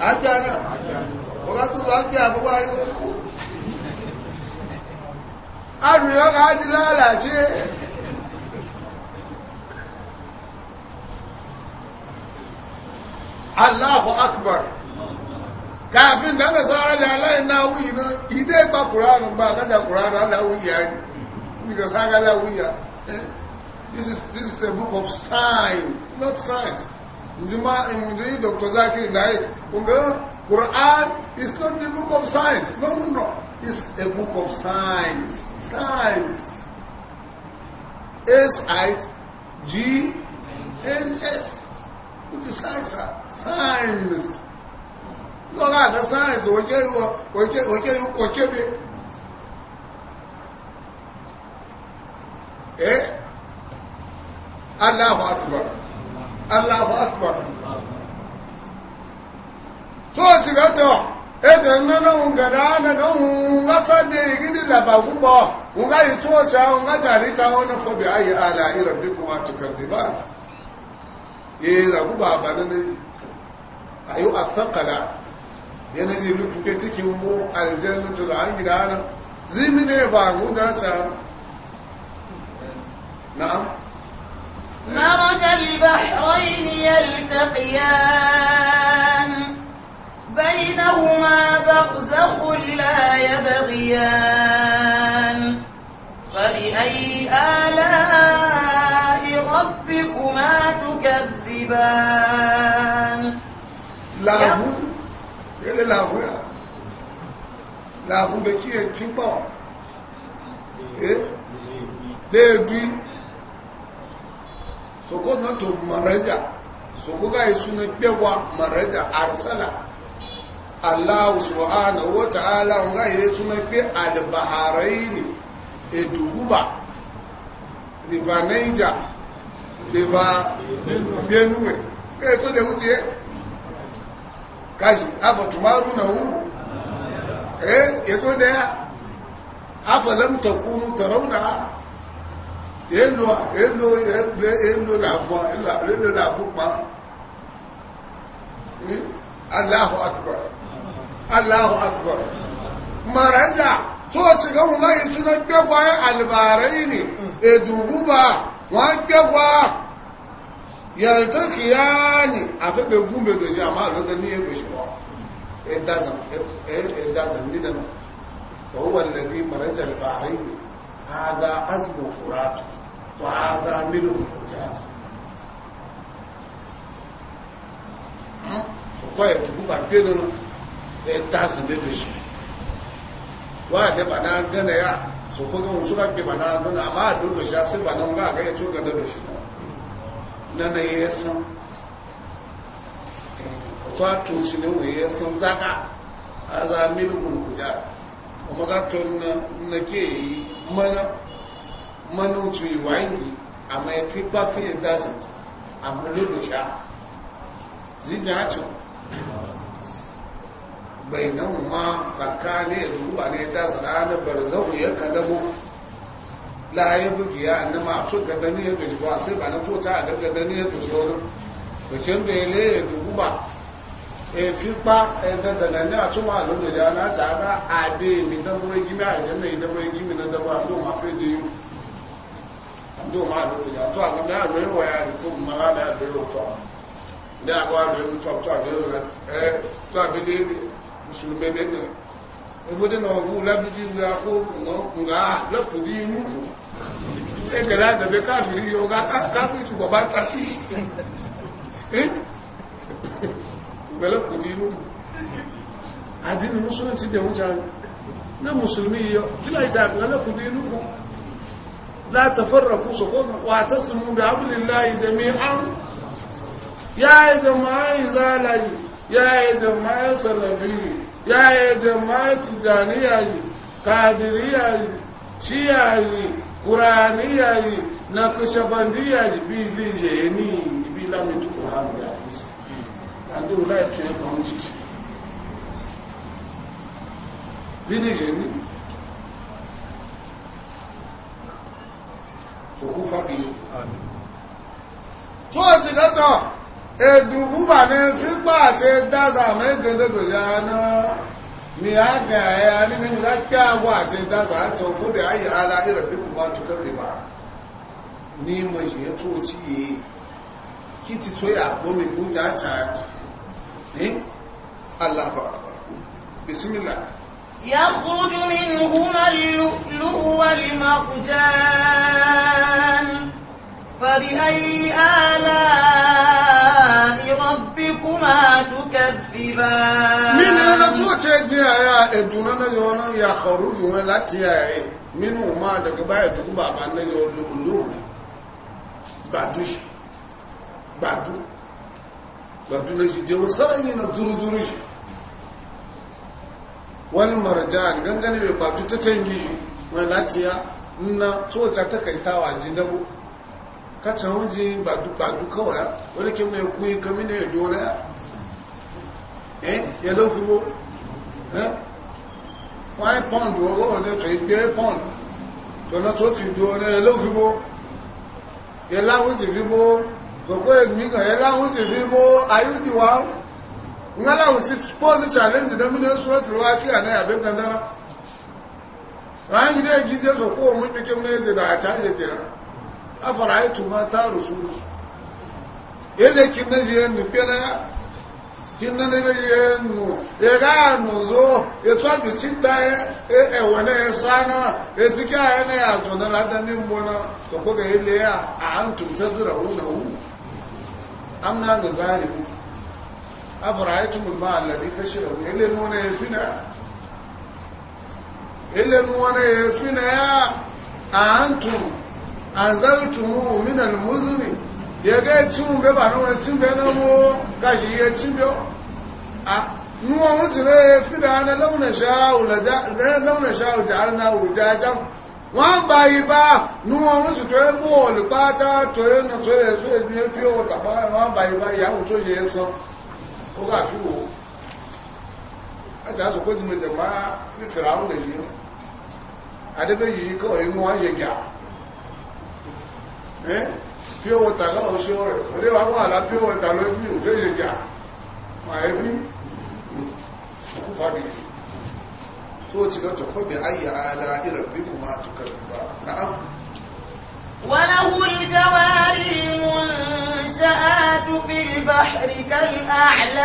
agbára ọ̀gákùrù agbá àbúgbà rí arìnrìn ọkà ti láàlà ṣe Allahu akbar káàfin dáná sára lè aláìnáwó iná ìdé ìpa kùránù gba àkájà kùránù aláwúyà nìkan this is this is a book of sign not science nji Dr. Zakir Naik unga Quran is not the book of science no no no it's a book of science science S I G N S which is science science no ga science oje oje oje oje eh Allahu akbar Allahu akbar so si gato, ebe nana ungada na ga unga sade gidi la ba gubo unga ito sha unga jari ta wona fo bi ayi ala rabbikum atukadiban ye za guba ba ne ayu athqala yana yi lupu ke cikin mu aljannatul an gida na zimi ne ba gudan sa na'am مرج البحرين يلتقيان بينهما برزخ لا يبغيان فبأي آلاء ربكما تكذبان لا ele لا ya لا be ki e soko na to maraja soko ga isu na pewa maraja arsala Allah subhanahu wa ta'ala ga isu na pe albaharaini eduguba river Niger river Benue e so de uti kaji afa tumaru na hu eh yato da afa lam takunu tarawna èlò èlò ẹgbẹ́ èlò làbọ̀ èlò làbúpa Allahu akbar Allahu akbar maraja tó ti gọ́gùn láyé túnà gbẹ́gbà alìbàrẹ́ ìní èdùgbùbà wọ́n gbẹ́gbà yàrìtọ́kìyà ní afẹ́gbẹ̀ gúnbẹ̀dọ̀ sí àmà lọ́gbẹ̀ ní ẹgbẹ̀ṣùwọ́ ẹ̀dàzàn nídànà ọwọ́ lẹ́gbẹ̀ maraja alìbàrẹ́ ìní هذا أزم فرات وهذا منهم مجاز sọkọ yẹ kò bá gbé nínú ẹ ta sí méjì sí wọn àdé bàdá gánà yá sọkọ gánà sọkọ gbé bàdá gánà àmà àdó lòsì àti bàdá wọn gánà gánà tó gánà lòsì nana yẹ sàn ọtọ àtúnṣe ni wọn yẹ sàn zaka àzá mílíọnù kùjà ọmọ ká tó na ke yi mana. manucu iwangi amma ya fi bafi ya zasu amma zija sha zijacin bai nan ma tsakani ya zuwa ne ta tsananin barzau ya kalabu laye bugiya annama a tso ya dushi ba sai ba na tso ta a ga gadani ya dushi wani bikin da ya le ya dubu ba e fi pa e dandana ne a tuma ya na ta ga ade mi dabo a jami'a dabo na dabo a lo ma ndo ma do ya to a na no no ya to ma ga na do lo to na ga do mu to to do ga eh to a be le be musulme be ne e bo de no wu la bi ji nga lo ko di mu e ke la de ka fi yo ga ka ka bi tu baba ta si eh bele ko di mu adini musulmi ti de mu jan na musulmi yo kila ita ga lo ko la tafarraku su ko wa Abdullahi bi hablillahi jami'an ya yi jama'a zalayi ya yi jama'a salafi ya yi jama'a tijaniya yi kadiriya yi shiya yi kuraniya yi na kushabandiya yi bi lije ni ibi da hadisi sòkú fọ́bí tó ti gọ́tọ̀ èdùnkúbà ní fígbà àti dáza mẹ́gbẹ̀dẹ̀dọ̀ ya náà ni a gà ẹ̀yà nínú ìlú lápẹ́ àwọ̀ àti dáza àti òfóbì ayé ara ìrẹ̀ bí kò bá tó kẹ́rì bá ní mọ̀ yìí tó tí yé kí ti tó yà bómi kú ní alábàbà bisimilá يخرج منهما اللؤلؤ والمرجان فبأي آلاء ربكما تكذبان من هنا توتي يا ادونا نجونا يخرج من لاتي منه ما دغبا يدغ بابا نجو اللؤلؤ gbàdúrì gbàdúrì gbàdúrì lè ṣe jẹun sára ìrìnà dúrúdúrú wal marjan gangane bai kwatu ta tangi mai latiya na tsoca ta kai ta waji dabo ka tsawunji ba duk ba duk kawai wani kin mai kuyi kami ne ya dole eh ya lofi mo eh why pound wo go de to igbe pound to na to fi dole ya lofi mo ya lawunji fi mo ko ko mi ga ya lawunji fi mo ayu di wa ngala wuti pose challenge da mini surat al-waqi ana ya bin dandana ran gida gije so ko mun dake mun yaje da a ta yaje a faraitu tuma ta rusulu yele kin da je nu pena kin da ne ye nu ye ga nu zo ye so bi cinta e e wona e sana e tika ne ya to na da ni mbona so ko ga yele ya a antum tazrauna hu amna ga zalimu afara'aytumul ma'a alladhi tashrabun ille nuwana ya fina ille nuwana ya ya a antum anzaltumuhu min almuzni yege chimbe bana wa chimbe na mo kashi ye chimbe a nuwa wutire na launa sha'u la ja wọ́n bá ibá ní wọn wọ́n sì tó ẹ́ bóòlù pátá tó ẹ́ nà tó ẹ̀ tó ẹ̀ ní fi ó tàbá wọ́n bá ibá ìyàwó tó yẹ sọ ó kà fi wò á ti àsopọ̀ ní fìrà ń lè yín adébẹ́yì kọ́ inú wa yẹ gà ẹ́ pure water náà ṣe ọ̀rẹ́ òde wa wà lá pure water ló bí òde yẹ gà mà ẹ́ òkú fàbí tó ti lọ́tọ̀ fọ́bi ayé ala ìrẹ̀bí kò máa tó kẹ́lẹ̀ fún wa. وله الجوار المنشآت في البحر كالأعلام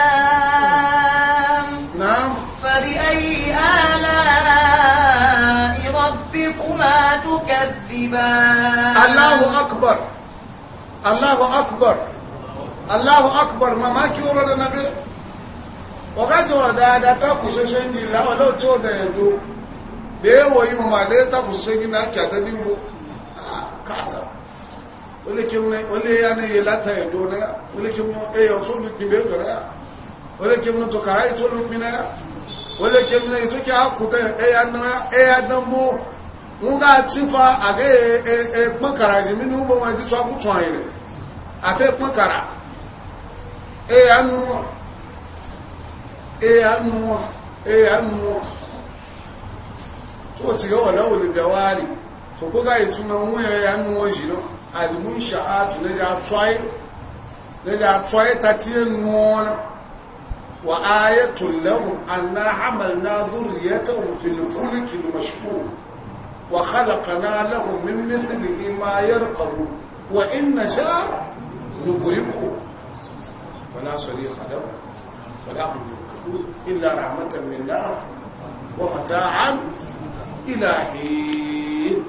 نعم فبأي آلاء ربكما تكذبان الله أكبر الله أكبر الله أكبر ما ما كيورا النبي وقد ودا دا تاكو ششن دي لا ولا تو دا يدو بيو يوم ما دا تاكو ششن دي نا كاتا بيو آه، كاسا olekemne ole yana yelata edo na olekemno e yoto mi be do na olekemno to kara ito mi na olekemne ito ki akuta e yana e adamu nga chifa age e e pankara ji mi nu bo wa ti so ku tun ayire afe pankara e anu e anu e anu to ti yo wala wole almunshaatu na ja tsoye na ja tsoye ta tiye nuwana wa ayatul lahum anna hamalna dhurriyatahum fil fulki al mashhur wa khalaqna lahum min mithlihi ma yarqabu wa in nasha nughriqu fala sariqa lahum fala hum yunqadhun illa rahmatan minna wa mata'an ila hin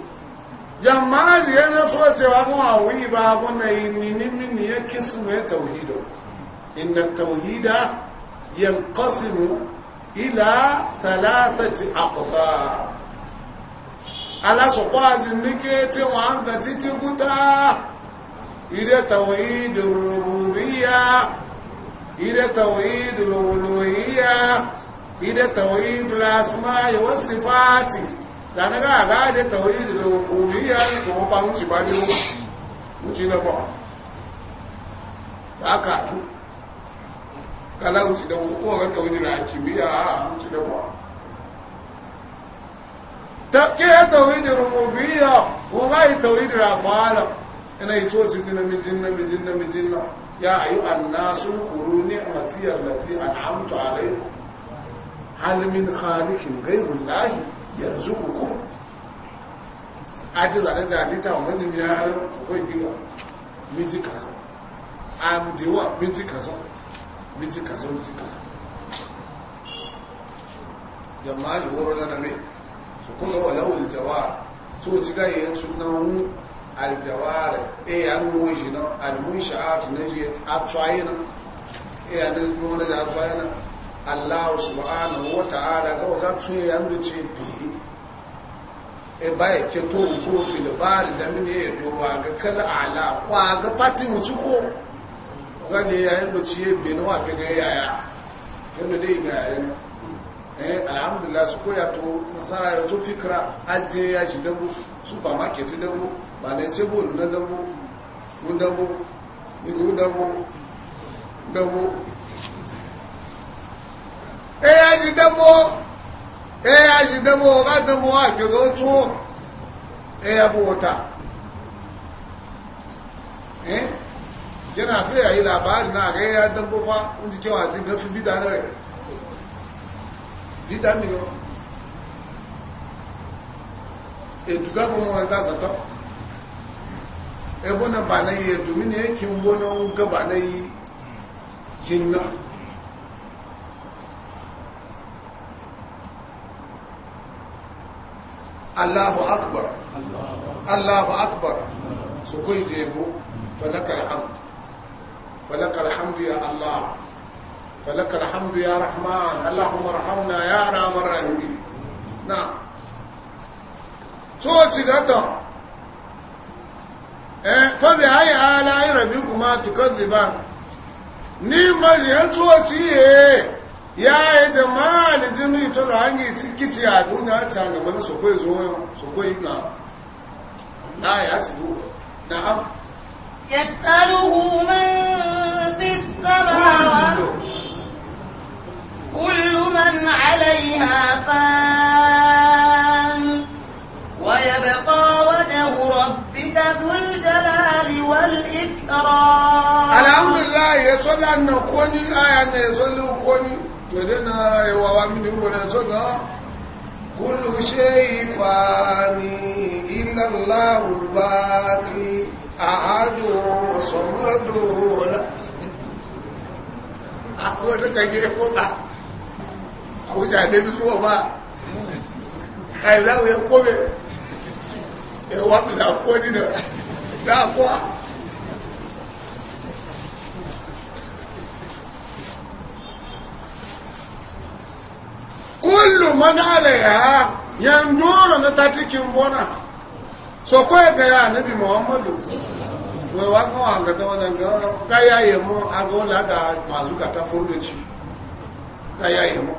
jama'a shi na so cewa kuma a wuyi ba kuna yi ni ya kismu ya tauhido inna tauhida yanqasimu ila thalathati aqsa ala so kwa zinike te wa ga titi guta ire tauhidur rububiyya ire tauhidul uluhiyya ire tauhidul asma'i was sifati dana ga ga je tawhid da rububiyya to ba mu ci ba ne mu mu ci na ba haka tu kala mu ci da mu ko ga tawhid da kimiyya mu ci da ba ta ke tawhid rububiyya ko ga tawhid da fa'ala ina yi to ci na mijin na mijin na mijin na ya ayu annasu quru ni'mati allati an'amtu alaykum hal min khaliqin ghayru allahi yanzu kuku aji zaɗe da halitta wa mazin ya harin kakwai gida miji kasa wa miji kaza miji kaza miji kaza da ma yi horo na nane su kuma walawul jawar so ci ga yin mu aljawar e ya nuwa shi nan almun sha'atu na shi a tsaye nan e ya nuwa da a tsaye nan allahu subhanahu wa ta'ala ga wadatsu ya nuwa ce biyu e baya ke to mutu fi da mini ya dowa ga kala ala kwa ga pati mutu ko gani ya yi loci ya benin wa fi ga yaya yadda dai ga yayin eh alhamdulillah su koya to nasara ya zo fikira ajiye ya shi dabu supermarket dabu ba na ce bu na dabu mun dabu igu dabu dabu eh ya shi dabu eh ya shi dabo ga dabo wa ke zo tso eh ya bota eh kina fi yayi na ga ya dabo fa in ji kewa ji ga bida na re bida mi yo e duga ko mo da sa to e bona banayi e dumine kin bona un ga Allahu akbar Allahu akbar su ko jebo falakal hamd falakal hamd ya Allah falakal hamd ya Rahman Allahumma rahamna ya arhamar rahimin na so ci gata eh fa bi ayi ala rabbikuma tukadhiban ni ma yanzu eh ya yi jama'a da jini to da hangi kici a guja a can gaba na sokoi zuwa sokoi na na ya ci duk na am yasaluhu man fi samawa kullu man alaiha fan wa yabqa wajhu rabbika dhul jalali wal ikram alhamdulillah yasallu an kuni aya ne yasallu kwani. tòdénà ìwà wa mi ní wọlé tó gan kúlù ṣe ìfàní ìlàláwùbá kí àádò ọ̀sọ̀mọ́dò ọ̀lá àwọn ọ̀sẹ̀kẹ̀kẹ́ fọ́ta àwọn ìṣàdé bí fún ọba àìláwẹ̀ kọ́bẹ̀ ẹ̀wà pìlà fọ́ dínà dáa kọ́ kullu man alaiha yandoro na tatikin bona so ko ga ya nabi muhammadu wai wa ga wa ga wannan ga ga ya yi mu ago la ga mazu ka ta furdo ci ga ya yi mu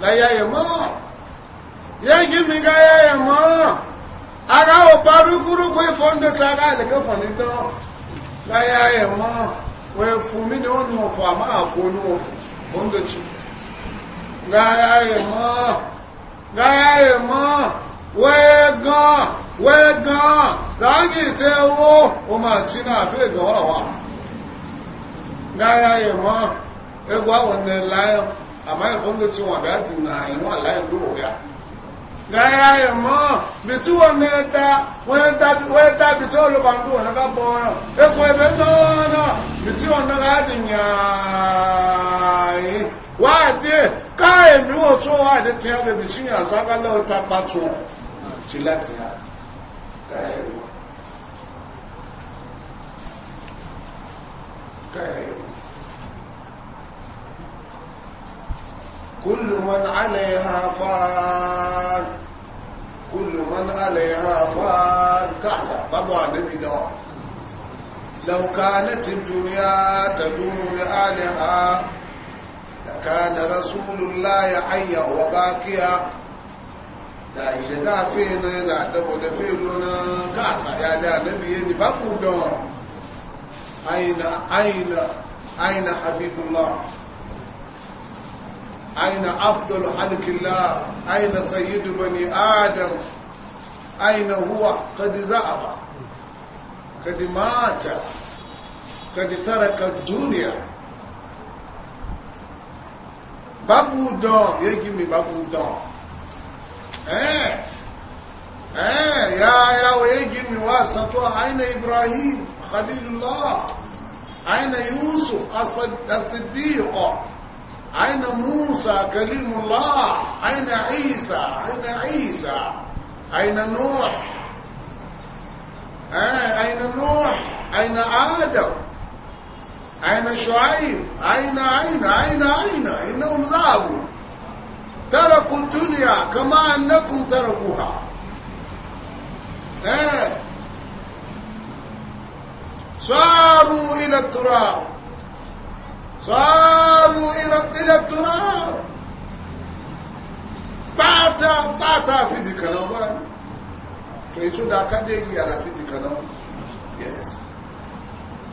la ya yi mu ya gi mi ga ya yi mu aga o paru guru ko fondo ta ga le ko fani do la ya yi mu wai fumi ne onu fo ama afonu fo fondo ci gáyàyè mọ́ gáyàyè mọ́ wẹ́gán wẹ́gán láàgì tẹ́ owó o máa tí náà fẹ́ gọ́wà wà gáyàyè mọ́ ẹgbà wọn ní láyọ̀ àmá ìfúnlẹ̀ tí wọ́n bá dùn náà ìwọ̀n láyọ̀ lóòrẹ́ gáyàyè mọ́ bí tí wọ́n ní ẹta wọ́n ẹta bí tí olùbàndù wọn ká bọ́ wáàdé káàmì wọ́n tó wáàdé tí a bẹ̀bẹ̀ sí àságálẹ̀ ọ̀tá pàtó sí láti ha káàmì káàmì كل من لو كانت الدنيا تدوم لآلها كان رسول الله حيا وباكيا لا يجدا فينا يا دابا دا لنا كاسا يا لا نبي بابو دور اين اين اين حبيب الله اين افضل حلك الله اين سيد بني ادم اين هو قد ذهب قد مات قد ترك الدنيا Babu dog. You give me babu dog. Eh. Eh. Ya, ya, we give me what? Satwa Aina Ibrahim. Khalilullah. Aina Yusuf. asad siddiq أين موسى كلم الله أين عيسى أين عيسى أين نوح aina نوح aina adam. عين شعيب عين عين عين عين إنهم ذهبوا تركوا الدنيا كما أنكم تركوها إيه صاروا إلى التراب صاروا إلى التراب بعد بعد في ذكرهم فإيشو دا كان على في ذكرهم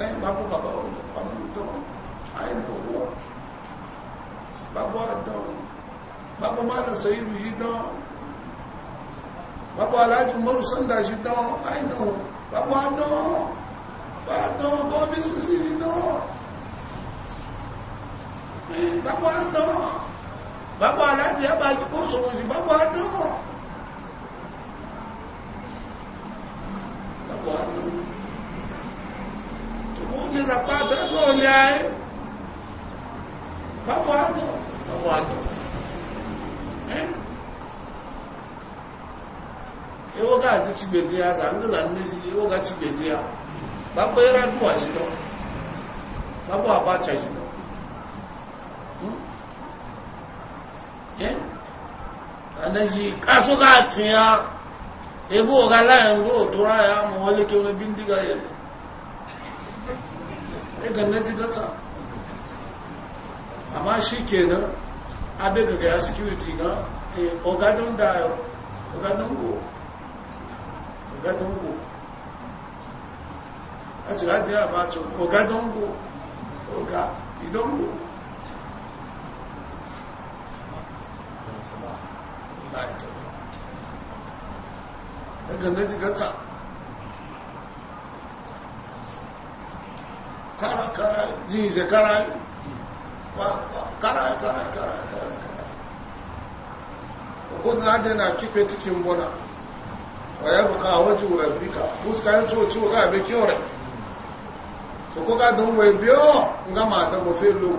ẹ bàbá bàbá wọn bàbá dán àìmọ̀ wọ bàbá dán bàbá don. sẹ́yìn yìí dán bàbá aláàjì don. sọ́ndà yìí don. àìmọ̀ bàbá dán bàbá dán bọ́bí sísì yìí Babu bàbá dán bàbá aláàjì abàjì kò sọ̀rọ̀ sí bàbá dán bàbá dán. kúlẹ̀ zapata ló lè ayé báwo àjọ báwo àjọ ya sàngílà ní ṣe ewo ká tìgbèdè ya báwo yẹra dùn àṣìlọ báwo àbájá àṣìlọ anaji kaso ka tiya ebo ga la ngo tora ya mo wale ke bindiga ya ganna ji amma shi kenan abin gaga ya security ga eh, ogadun da ogadun go ogadun go a ci láti yá àmà tó ogadun go oga idon go kara kara jinse kara kara kara kara kara ko na ga dana kife cikin bona wa ya buka waje rabbika fuska yan ciwo ciwo ga be kyore so ko ga don wai biyo nga ma ta bo fe lo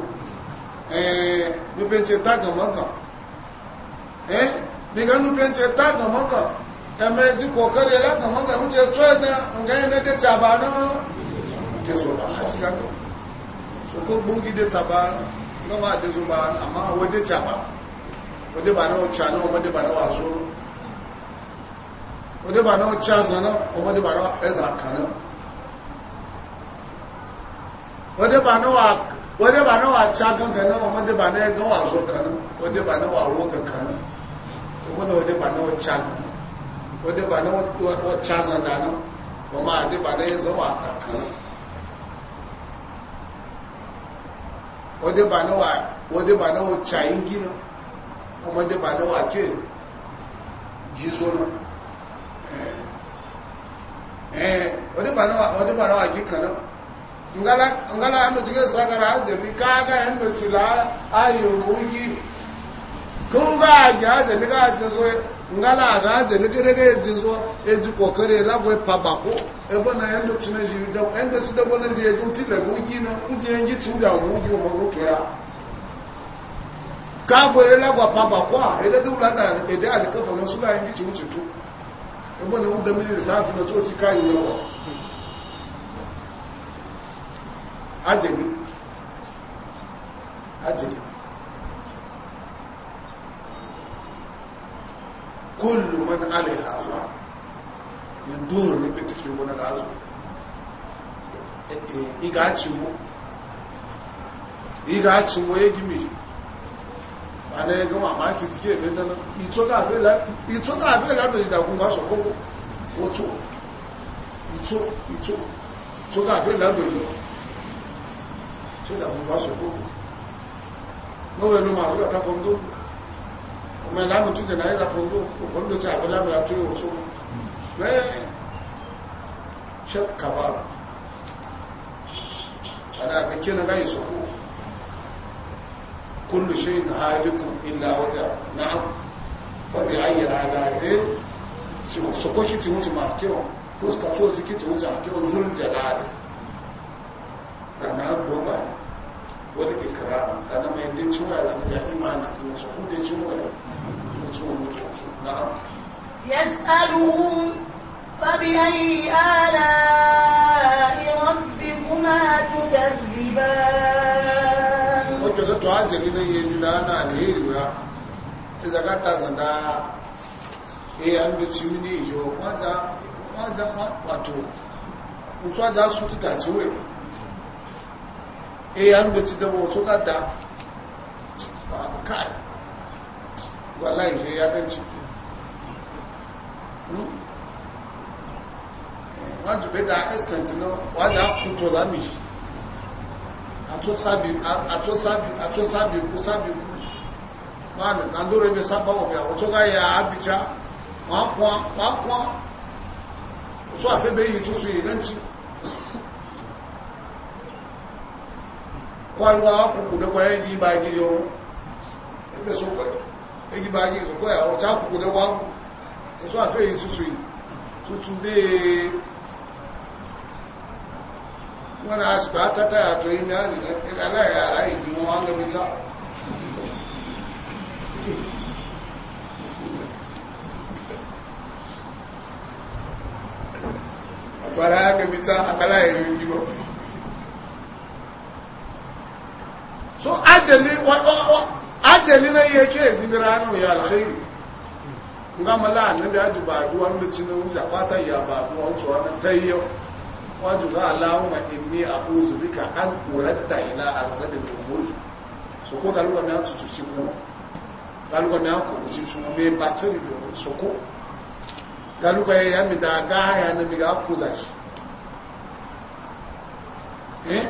eh ni penche ta ga maka eh ni ga nu penche ta ga maka ta me ji kokare la ga maka mu ce tsoya da nga ne de chaba no dezo ba a so ba amma wade taba wade ba na ocha ba na wa so wade ba na ocha zana ba na eza kana wade ba na wa wade ba na wa cha ganga ba na ga wa so ba na wa wo ga ba ba wọ́dé bà náà wà wọ́dé bà náà wọ́n tsa yín gínà ọmọdé bà no wà ké yí sọ́nà wọ́dé bà náà wọ́dé bà náà wà ké kànáà ngala ngala ando tike sagara ka kaga ando tila ayo tsoye ngala aga aje ne eji zo eji la go pabako ebo na yendo chine ji da endo si da bona ji eji ti le gugi na uji ya ka bo gwa go pabako a ede du la da ede ali ebe suga ti tu ebo na uda mi ni na to ti kai kullu man alaiha fan yuduru ni bitiki wona da azu iga ciwo iga ciwo ya gimi ana ya gama maki tike ebe dana ito ga abe lado idagun ba so koko oto ito ito ito ga abe lado idagun so idagun ba so koko no welu ma ruga ta kondo kuma na mutu da na yi zafin kwallo abu abin lamura tuyo wasu mai shakka ba a da abin kina gayi su ku kullu shi na haliku illa wata na'am fabi ayyana na ne su ko kiti wuce ma kiran fuska tuwa kiti wuce a kiran zulun jalali da na goma ne wani ikirama kada mai dai cewa ya zama ya imani suna su ku dai cewa ya zama cewa muke na'am yas'aluhum fa bi ayi ala'i rabbikuma tudazziban wato da to hajjali nan yaji da ana alheri ba ta zakata sanda eh an bi ciwo ne jo kwata kwata wato mutuwa da su ta tace wai eh an da ci da ba wasu da ba ba kai wallahi sai ya dan ciki wọ́n jù pé da instant náà wọ́n dá kútó lámì àtúnsábìkú sábìkú wọ́n nì nàndóre mi sábà wọ̀ bí àwọn tó gáyà àbíjá wọ́n kún wọ́n kún wọ́n tó àfẹ́bẹ̀ yìí tuntun yìí lẹ́ntì kwaruwa akuku da kwaye gi ba gi ebe so kwa egi ba gi ko ya o cha akuku da kwaku so yi tutu yi tutu de wọn a sì bá tata àtò yìí ní àdìgbà ara ìdí wọn wọn lóbi tá àtò ara gẹbi tá àtàláyé ìdí wọn. so ajali ajali na yake dibira no ya alkhairi nga mala annabi aju ba duwa mu cin mu ja fata ya ba duwa to wannan tayyo waju ga allahumma inni a'udhu bika an uratta ila arzadil umur so ko ga lugha na tutu ci mu ga lugha na ko ci ci mu me batiri do so ko ga lugha ya mi da ga ya na mi ga ku za shi eh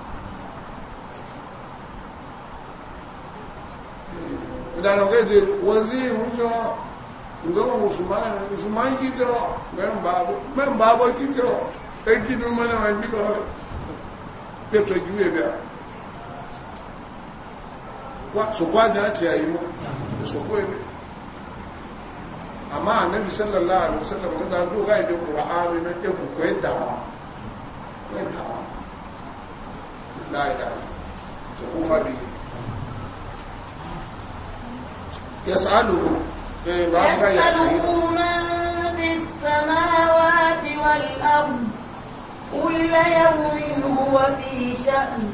ìdànà kéde wọ́n sí ìwúṣọ́ ǹgọ́wọ̀n òṣùmá ń kíjọ mẹ́mbà bọ́ kíjọ ekínú mọ́nà wọn bí kọ́ pẹ̀tọ̀ ìjú ẹ̀bẹ̀ ṣùgbọ́n àjá àti àyímọ́ ìṣòkó ẹ̀bẹ̀ amma annabi sallallahu zo na ke ku koyi dawa koyi dawa يسأله يسأله من في السماوات والأرض كل يوم هو في شأن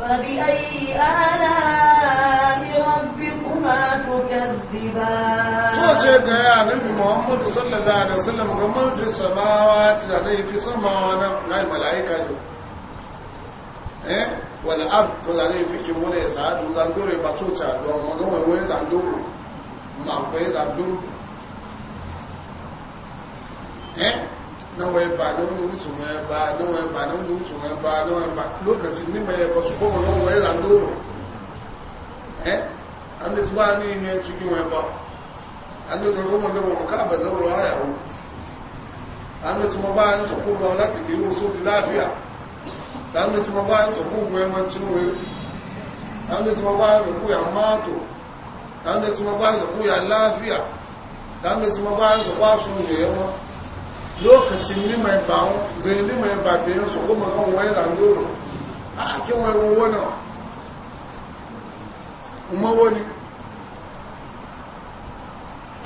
فبأي آلاء ربكما تكذبان توجه يا نبي محمد صلى الله عليه وسلم ومن في السماوات لديه في السماوات غير ملائكة eh wani art to zane fiki mune ya sa'adu zandore ba coci a duwa ma gama wani zandoro ma kwaye zandoro eh na waye ba na wani wucin waye ba na waye ba na wani wucin waye ba na waye ba lokacin ni mai ba su koma na waye zandoro eh an da tuba ni ne cikin waye ba an da tuba ma gama ka ba zaura haya an da tuba ba ni su koma tàbí tí wọ́n bá sọ̀kú ògùn ẹmọ tí ó rẹ̀ tàbí tí wọ́n bá rẹ̀kú ya máàtò tàbí tí wọ́n bá ya láàfíà tàbí tí wọ́n bá sọ̀kú àfihàn rẹ̀ wọn lókàtí nímọ̀ ẹ̀bà wọn zèyí nímọ̀ kuma bẹ̀rẹ̀ sọ̀kú mọ̀kàn wọ́n ẹ̀là lóòrò ákí wọn ẹwọ́wọ́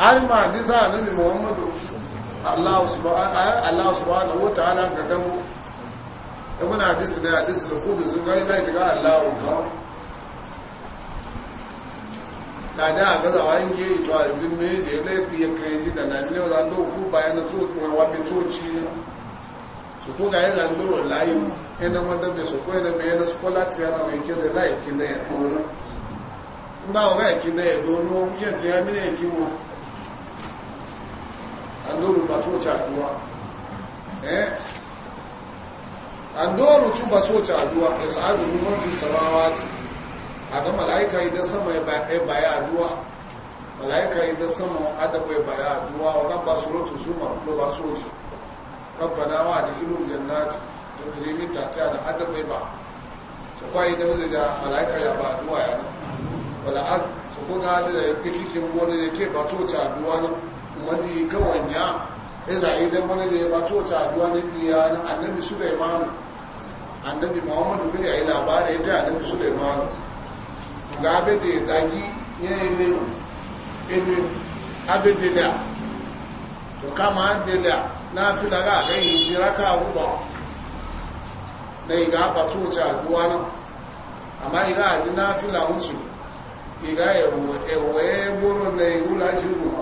arima muhammadu subhanahu wa ta'ala da muna hadisi da hadisi da kudu sun gari zai shiga allahu ba na da a gaza wa yanke ito a jin mai da ya laifi ya kai shi da nan lewa zan dofu bayan na tsoki wa bi coci su ko ga ya zan duro layu ina wanda bai su ko ina bai yana su ko lati yana mai ke zai layi kin ya dono in ba wa ya dono kuke ya mini ya kiwo an duro ba coci a duwa eh andoru tuba coci aduwa ya sa'adu ruwan fi samawati a ga mala'ika idan sama ya baya aduwa mala'ika idan sama adaba ya baya aduwa wa rotu su ma lo ba rabba na wa ilu jannati tajri min tahtiha al adabai ba su kwa idan zai da mala'ika ya ba aduwa ya nan wala ad so da ya fi cikin wani da ke ba coci aduwa ne kuma ji kawanya iza idan wani da ya ba coci aduwa na biya na annabi suleimanu annabi muhammadu fi a yi labarai ta annabi suleimanu ga abin da ya dagi ya yi ne inu abin da da to kama an da da na fi daga a gani jira ka guba na iga ba coci aduwa na amma iga a ji na fi launci iga ewe gboro na iwu lashin zuwa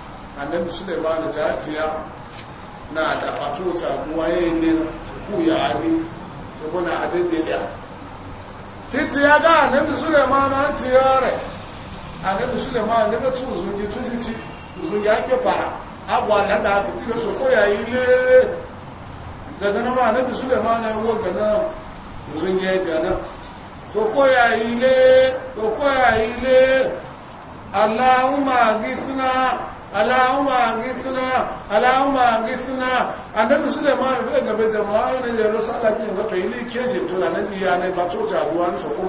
annabi suleiman jatiya na da fato ta ne ku ya kuna ya titi ga annabi suleiman an tiyare annabi suleiman daga tun zungi tuzici zungi ake fara agwa na da aka tiga so ko ya yi daga na ma annabi suleiman ya wo gana ya gana so ko ya yi so ko ya Allahumma gisna aláhùnmá àgísínà aláhùnmá àgísínà anẹ́bìsílẹ̀ máa rẹ̀ bẹ́ẹ̀ gẹ̀bẹ̀ jẹmọ́ àwọn ilẹ̀ ló sálàjì ìwọ́tọ̀ ilé kéèjì tó là ya ti yà ní bàtí ó ti àdúwà ní sọ̀kú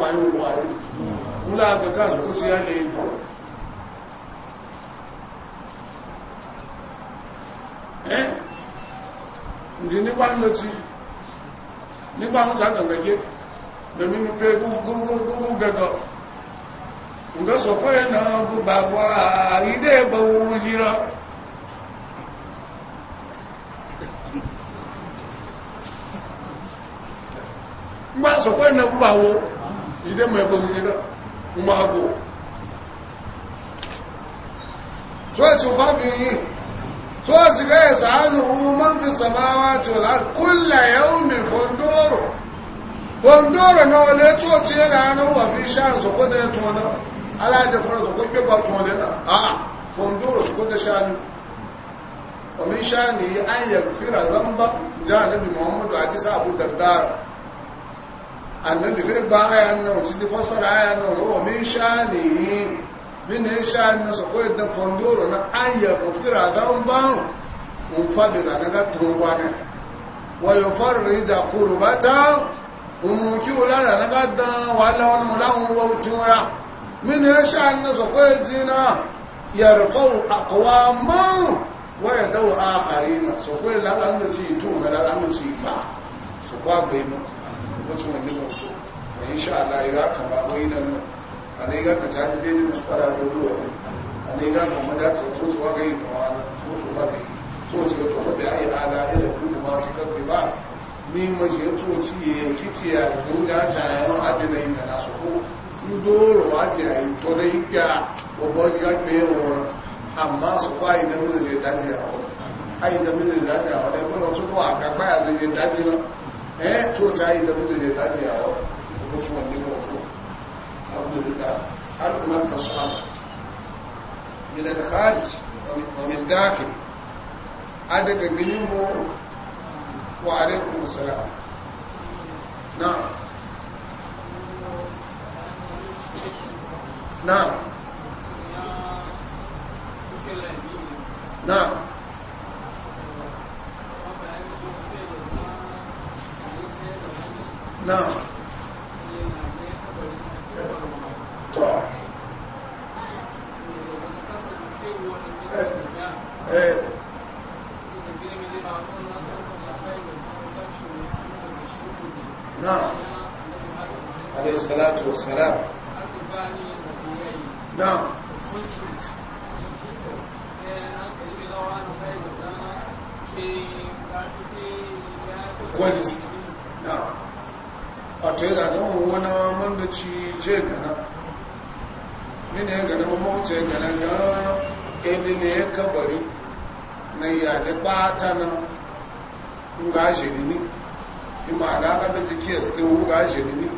nga na ọgụ bagwa ide gbawuru hira mgba sọkwara na gbawo ide ma egbawu hira umago tsoci fabi yi tsoci ga ya sa'anu umar fi samawa tola kulla yau fondoro fondoro na wale tsoci yana nan wafi shan su ala da fara su ko be ba to le na a fondoro su ko da shani wa min shani an yaghfira zamba janabi muhammadu hadisa abu dardar annabi fe ba aya na o ti di fasara aya na wa min shani min shani su ko da fondoro na an yaghfira zamba un fa be zanaga to wa ne wa yufarrija qurbata من يشاء نسخوجنا يرفع أقواما ويدعو آخرين سخوي لا زنتي تو لا زنتي با سخوا بينه mutum wani mutu da insha Allah ya ka ba wai nan a ne ga ka ta ji daidai musu fara da ruwa a ne ga ka maja ta so tuwa ga yi kawana so tufa bai so tufa bai ayi ala ila kuma ta kan ba ní mo ṣe tó sí iye kìtì àgbójá ṣàyàn adẹ́lẹ̀ ìgbàlá sọ́kó ń dóòrò wájì àìtọ́lẹ̀ ìgbà ọgbọ́n ní agbẹ́ wọn àmá sọ́kó àìdẹ́mìlẹ̀ dájì àwọn àìdẹ́mìlẹ̀ dájì àwọn ẹgbọ́n tó kọ́ àgbàgbà àìdẹ́mìlẹ̀ dájì wọn ẹ́ tó ta àìdẹ́mìlẹ̀ dájì àwọn ọgbọ́n tó wọn nínú ọ̀tún abdulluka alùpùpù kasam mílẹ̀ kárì وعليكم السلام نعم نعم نعم نعم طبعا ايه na'am alayhi salatu wassalam na'am quality na'am wato yana ganin wani mandaci ce gana mini ya gana mamauce gana ga elile ya kabari na iyalai ba ta nan ne bi ma'ana ga da jiki ya sti wuga shirimi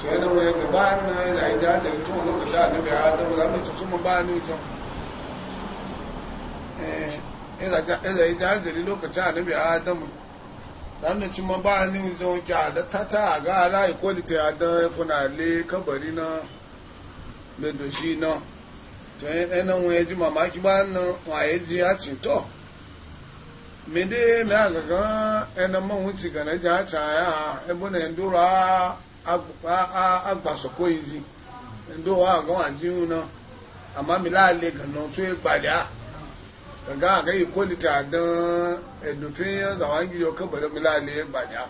to yana waya ba na ya da ta da tun lokaci a nabi adam za mu tsuma ba ni to eh ya zai ta da lokaci a nabi adam za mu tsuma ba ni to ki da ta ta ga ala rai e ko da ta da funa le kabari na me do na to yana waya ji mamaki ba nan waye ji ya ci to mede me aga gan ena mo hun gana ja cha ya ebo na ndura agba soko yiji ndo wa gan anji una ama mi la le gana no so e gbalia gaga aga yi ko lita dan edo fe yan da e, wangi yo ka bare mi la le gbalia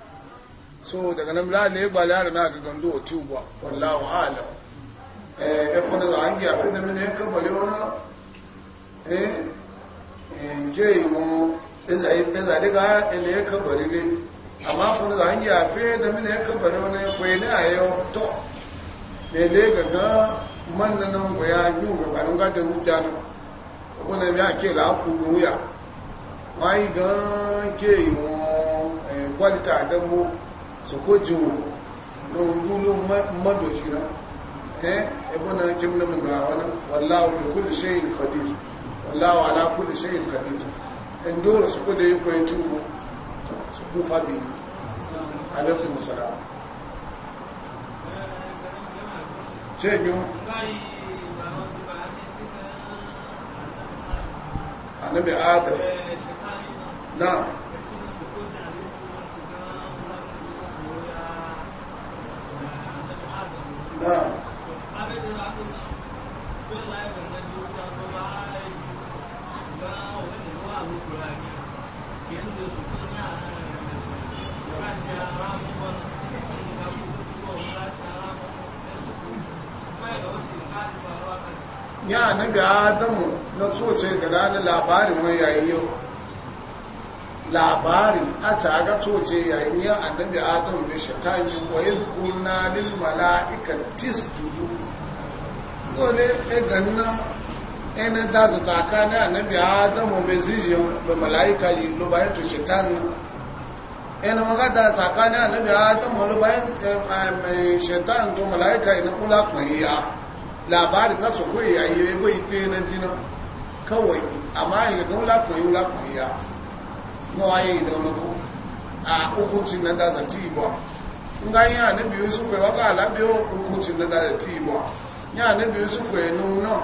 so daga na mi la le gbalia da na ga gan do tuwa wallahu ala eh e, e fona da wangi afi da mi ne ka bare ona eh eh je yi mo eza daga ele ya kabari ne amma fun za hangi a fe da mina ya kabari wani fe ne a yau to ne le man na nan yi ga ne ke la ku wuya wani ga ke yi e, kwalita da mu ko na eh na kim na ga wallahu bi kulli shay'in qadir wallahu ala kulli shay'in endoro su da yi kwaye tubu su kufa biyu alaikun salam ce biyu annabi adam na na ya nabi adamu na tsoce ga na labarin wani yayin yau labarin a taga tsoce yayin yin annabi adamu da shaitani wa yi kuna lil tis judu dole e ganna ene da su tsakani annabi adamu mai zijiyon da mala'ika yi lo bayan to shaitani ene maka da tsakani annabi adamu lo bayan eh, eh, shaitan to mala'ika yi na kula kwayya labari ta su koyi a yi ikpe na jina kawai amma yi ga wula koyi wula ya ma waye a hukuncin na da zati ba in ga yin anabi yusuf bai waka alabiyo hukuncin na da zati ba yin anabi yusuf bai nuna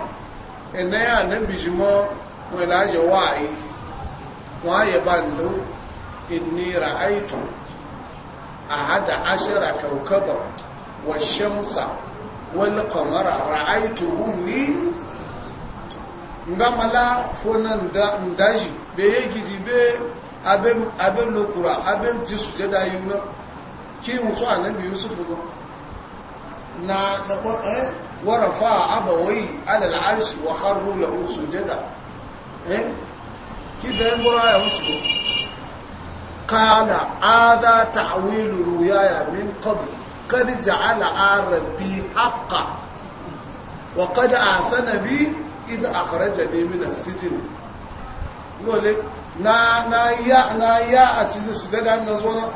ina yin anabi shi ma wani والقمر ra'aitu hunni ngamala fonan daji be ye gizi be abin lokura abin ti suje da yi na ki mutu a nabi yusuf ba na eh, warafa abawai alal arshi wa harru lahu sujada eh ki da yin gura ya mutu ba ada ta'wilu ruyaya min qabli قد جعل ربي حقا وقد أحسن بي إذ أخرجني من السجن نقول na na ya na ya su da dan na zo na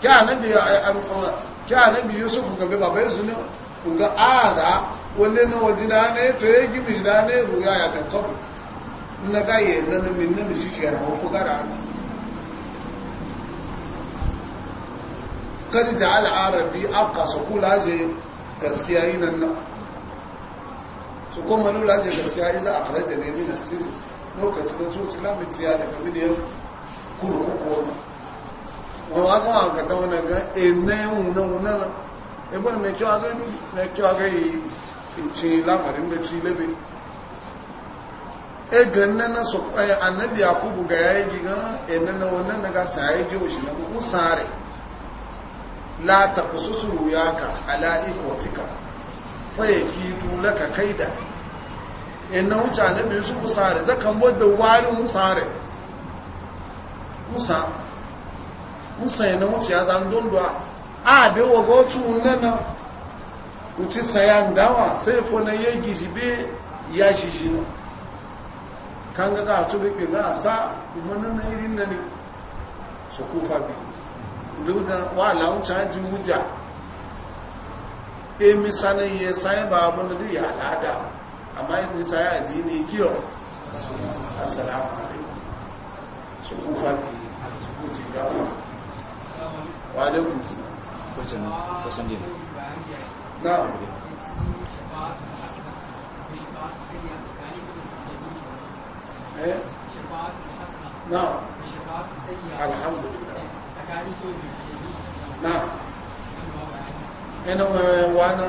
kya nabi kya nabi yusuf ga be baba yusuf ne ga ada wanne na wajina ne to ya na min shi ya kad ja'al arabi afqa su kula ce gaskiya yi nan nan su kuma nula ce gaskiya iza akhraja ne min asir lokacin da cuci lamiti ya da familiyar kurkuku wani wa ga ga ta wani ga ene wuna wunan na ebon mai kyau aga yi mai kyau aga yi ci lamarin da ci labe e gannan na su eh, annabi yakubu ga yayi giga ene na wannan na ga sai ya ji shi na ku sare la taqsusu ruyaka ala ikwatika fa yakidu laka kaida inna wuce annabi su musare zakan bodda wali musare musa musa yana wuce ya zan dondwa a be wago tunana uti sayan dawa sai fo na gizi be ya shishi kanga ga tubi ga sa kuma nan irin nan su kufa biyu lóòdá wà láwọn chájú wújà èmi bá sáyẹ́bà abúnadé yà láàdá àmá èmi sáyẹ́ àdí ní kí ọ asàlámù alaykum kún fàbí sókú ti gáfà wà lẹ́kùn tí Now, alhamdulillah. na ẹnu wa náà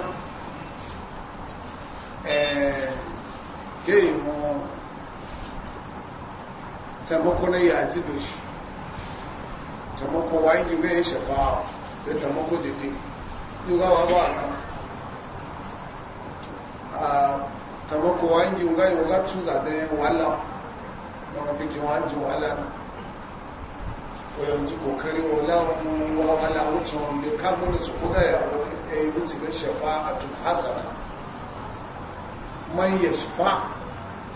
kéyìn wọn tamako na yà àti dòṣì tamako wa ní bẹ́ẹ̀ ṣẹ̀fà bẹ tamako dìde nígbà wà bá àná tamako wa ní yóò gáyọ̀ gá tún zàdẹ́ wàhálà wọn bí kí wọ́n á wàhálà náà oyanzu kokarin wulawun wahala wucin wanda da su kuda ya eh, yi wuce da shafa a tun hasana man ya shafa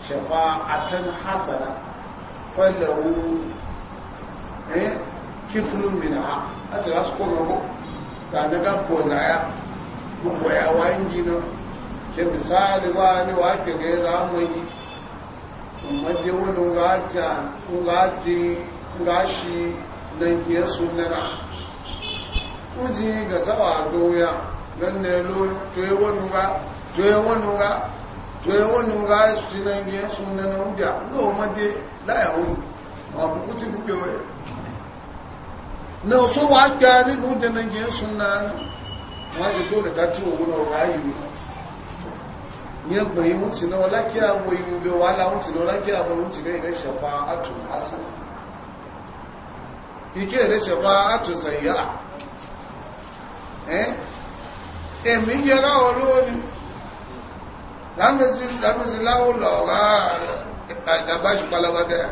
shafa a tun hasana fallawu eh kifulun mina ha a cika su kuma ko ta daga kozaya kuma ya wayan na ke misali ba ni wa ake ga ya zamani yi je wani wani wani nga shi na giya sunana uji ga tsawa goya nan ne lo toye wani ga toye wani ga toye wani ga su ti na uja ga o made laya wuri a bukuti gube wai na so wa gari ga uja na giya sunana wani dole ta ci wa wani rayu ike ere ṣẹ̀fà àtúnṣẹ̀yà ẹ̀mí yẹ láwọ̀ lówó ni lámẹ́sí láwọ̀ lọ́ọ̀rá àgbàṣù palabadẹ́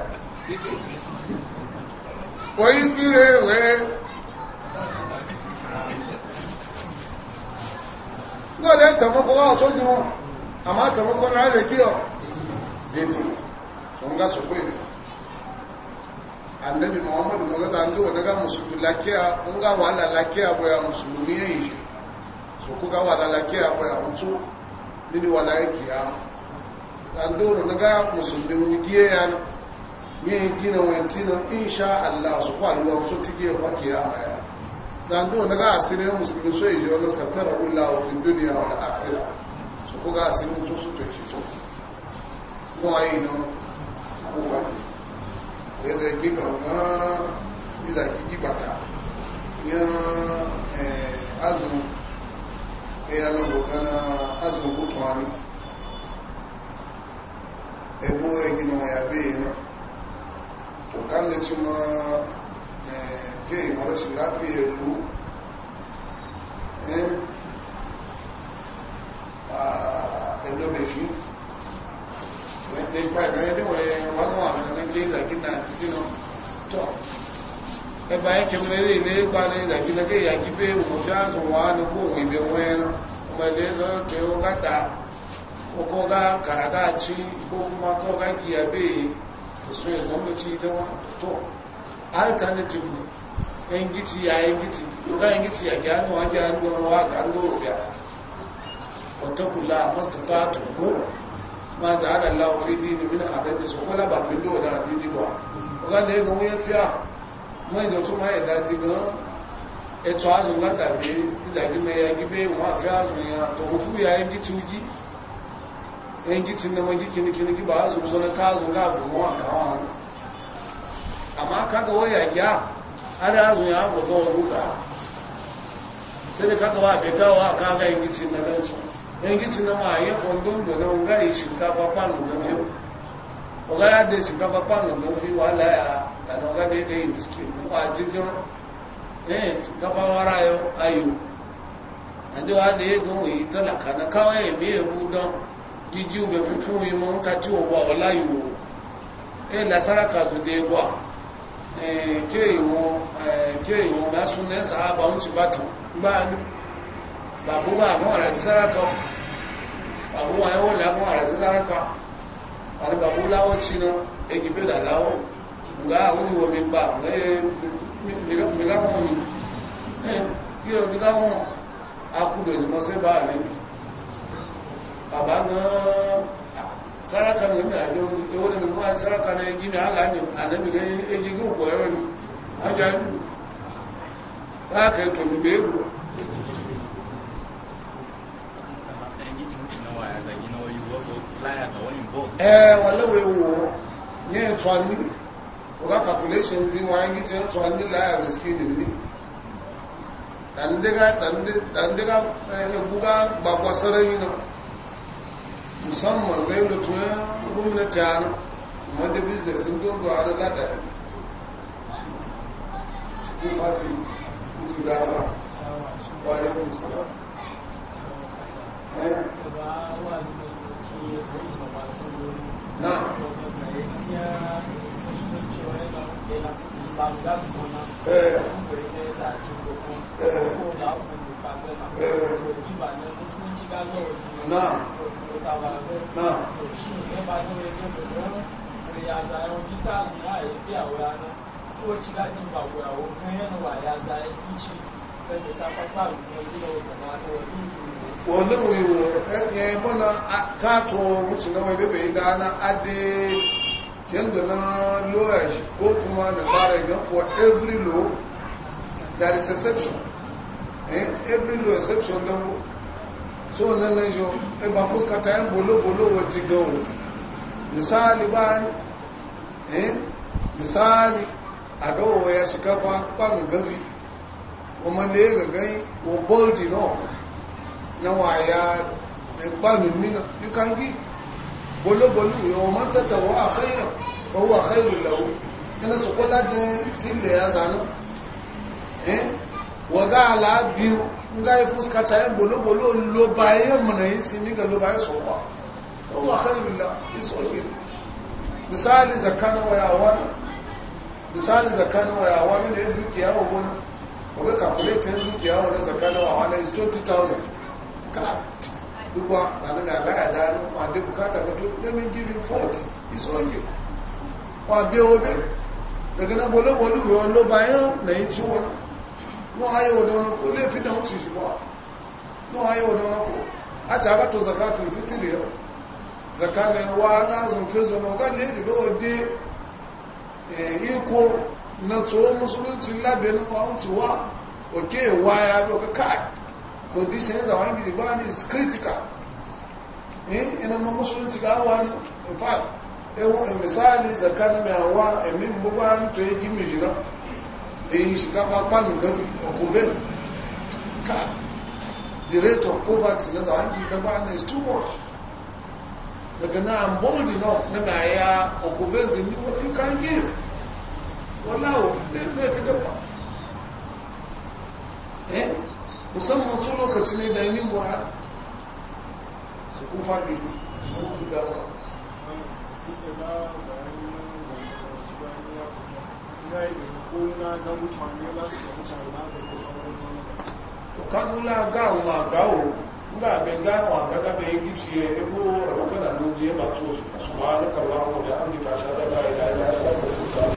oyi fíre wẹ́ lọ́ọ̀lẹ́ tẹ̀mọ́kọ́ wá ọ̀tọ́ ti wọn àmá tẹ̀mọ́kọ́ náà lè kí ọ̀ dìtì tó ń gá sọ pé annabi muhammadu magata an zuwa daga musulmi lakiya in ga wala lakiya boya musulmi ya yi su kuka wala lakiya boya mutu mini wala ya kiya an doro daga musulmi wugiye ya yin gina wantina insha allah su kwaluwa su tige fakiya maya dan doro daga asirin musulmi so yi wani satara ulla wa fi duniya wa da akira su kuka asirin su su toki to kuma yi na kufa ẹsẹ̀ gbé gàngán nígbà gidi bàtà yan azùn ẹ̀yà lọ́gbọ̀ gánà azùn kó tún àrí ẹ̀bú ẹgbìnà wọ̀nyà bẹ́ẹ̀ náà tó ká lè tí mọ́ tí ìmọ̀lọ́sí láfi ẹ̀lú ẹ̀lọ́bẹ̀ṣí wanda ya kwaɗa ya dawa ya warwa na nan jai zaki na jino to ya bayan ya na kai yaki fe mu sha zuwa na ko mai bin wayan alternative ya ma ta ala lawo fi di ni mina harajin su kwala ba fi doda a didi ba ọgá lè gan wọ́n yẹn fi ìjọ tó máa ẹ̀dá ti gan ẹ̀tọ́ azùn látàbí ìdàbí mẹ́yà gífẹ́ wọn àfẹ́ azùn yẹn àtọ̀kùn fún ya ẹgí ti wújí ẹgí ti nàmọ́ gí kìnnìkìnnì gí bá azùn sọ́nà ká azùn ká wọn àkáwọn àwọn àmọ́ kágọwọ́ yà já ara azùn yẹn àbùn ọdún ká sẹ́ni kágọwọ́ àbẹ̀káwọ́ àkáwọ́ ẹgí ti nàmọ́ yankici na ma ya fondon da na ungari shinkafa kwanon na fiyo ungara da shinkafa kwanon na fiyo wala ya da na ungari da yi miskin ko a jirgin eh shinkafa wara yau ayo a da wa da ya gan wuyi talaka na kawai ya biya budon gigi ube fifin wuyi mun ka ciwo ba wala yi wo eh lasara ka zu da gwa ke yi wo ke yi wo ba sun ci batun ni bàbúwà àwọn ọ̀rẹ́ ti sára kan bàbúwà ẹwọ́ làwọn ọ̀rẹ́ ti sára kan àti bàbú láwọ́ tí na egi fẹ́dà láwọ́ ǹgá àwọn ti wọ́n mi bá mẹ́láwọ́ mi kí o ti láwọn akúlò ìjọmọ́ sí bá mi bàbá gan-an sára kan ní ìgbà àjọ ewó ni mo ni ẹ wà lẹ́wọ̀ ewò ní ẹ̀tọ́ ní ọgá calculation tí wọ́n yí tí ẹ̀tọ́ ní láyà risk nìlí tàndégá ẹgbúgá gbàgbà sọ́rọ̀ yìí náà musamman zai lutu ya gwamnati a nan mọ́dé business ń gbogbo a rẹ̀ ládàá ṣùgbọ́n fàbí ìtù gáfà wà ní ọdún sára na na wani wiwo ya yi mana kato wuce na mai bebe da na ade kendo na lawyer ko kuma da tsara gan for every law there is exception eh every law exception na mu so nan nan jo e ba fuska ta yan bolo bolo wati go misali ba eh misali a ga ya shiga fa kwa gafi kuma ne ga gai o náà wà ya ẹgbà mi mìíràn you can give bolóbolú ìwọ̀n máa tẹ́tẹ̀ wọ́n àkẹ́yìnà owó àkẹ́yìnà lọ́wọ́ ẹni sọ̀kọ́ láti tí ń da ya zànà wọ̀gá aláàbí ńgá ìfúskàtà ẹ̀ bolóbolú ló bá ẹ̀ mọ̀nà yìí sí nígbà ló bá ẹ̀ sọ̀kọ́ owó àkẹ́yìnà lọ́wọ́ ìsọ̀kẹ́ misali zakana wa yawa misali zakana wa yawa mini dukiya wa wani wani calculator dukiya wa na zakana wa wani is 20,000 Cut. gbogbo àwọn àgbáyàdá ló wọn àdé bukata kan tó lé ní gírí fọ́ọ̀tì ìsọ́ọ̀kẹ̀ wọn àbí owó bẹ́ẹ̀ gẹ́gẹ́ náà bolówó olúwẹ̀ wọn ló bá yán lẹ́yìn tí wọn náà ayé ọ̀dọ̀ ọ̀nà kó lè fi dáhùn tì wá náà ayé ọ̀dọ̀ ọ̀nà kó àti àbátò zakatu ìfitìrì ẹ̀ zakatu wa agáhùn fẹ́zọ̀ náà ọ̀gá lè rí ó dé eh, ikú na tó mùsùlùmí ti lábẹ́ náà wọn ti wá òkè ìwáyà bí ọkọ̀ káàkiri condition yadda wani gidi ba one is critical eh? in a Muslim musulunci ga awa ni in fact ewu misali zakar mai awa emin buba to ya eh, gimi the rate of poverty na the gidi da ba ni is too much daga na i'm bold enough na na ya okube what you can give Well, now ne are musamman tun lokaci ne da yanin mura su kun faɗi su kun gafa kagula ga gawo be e, e na nuji eba tu wa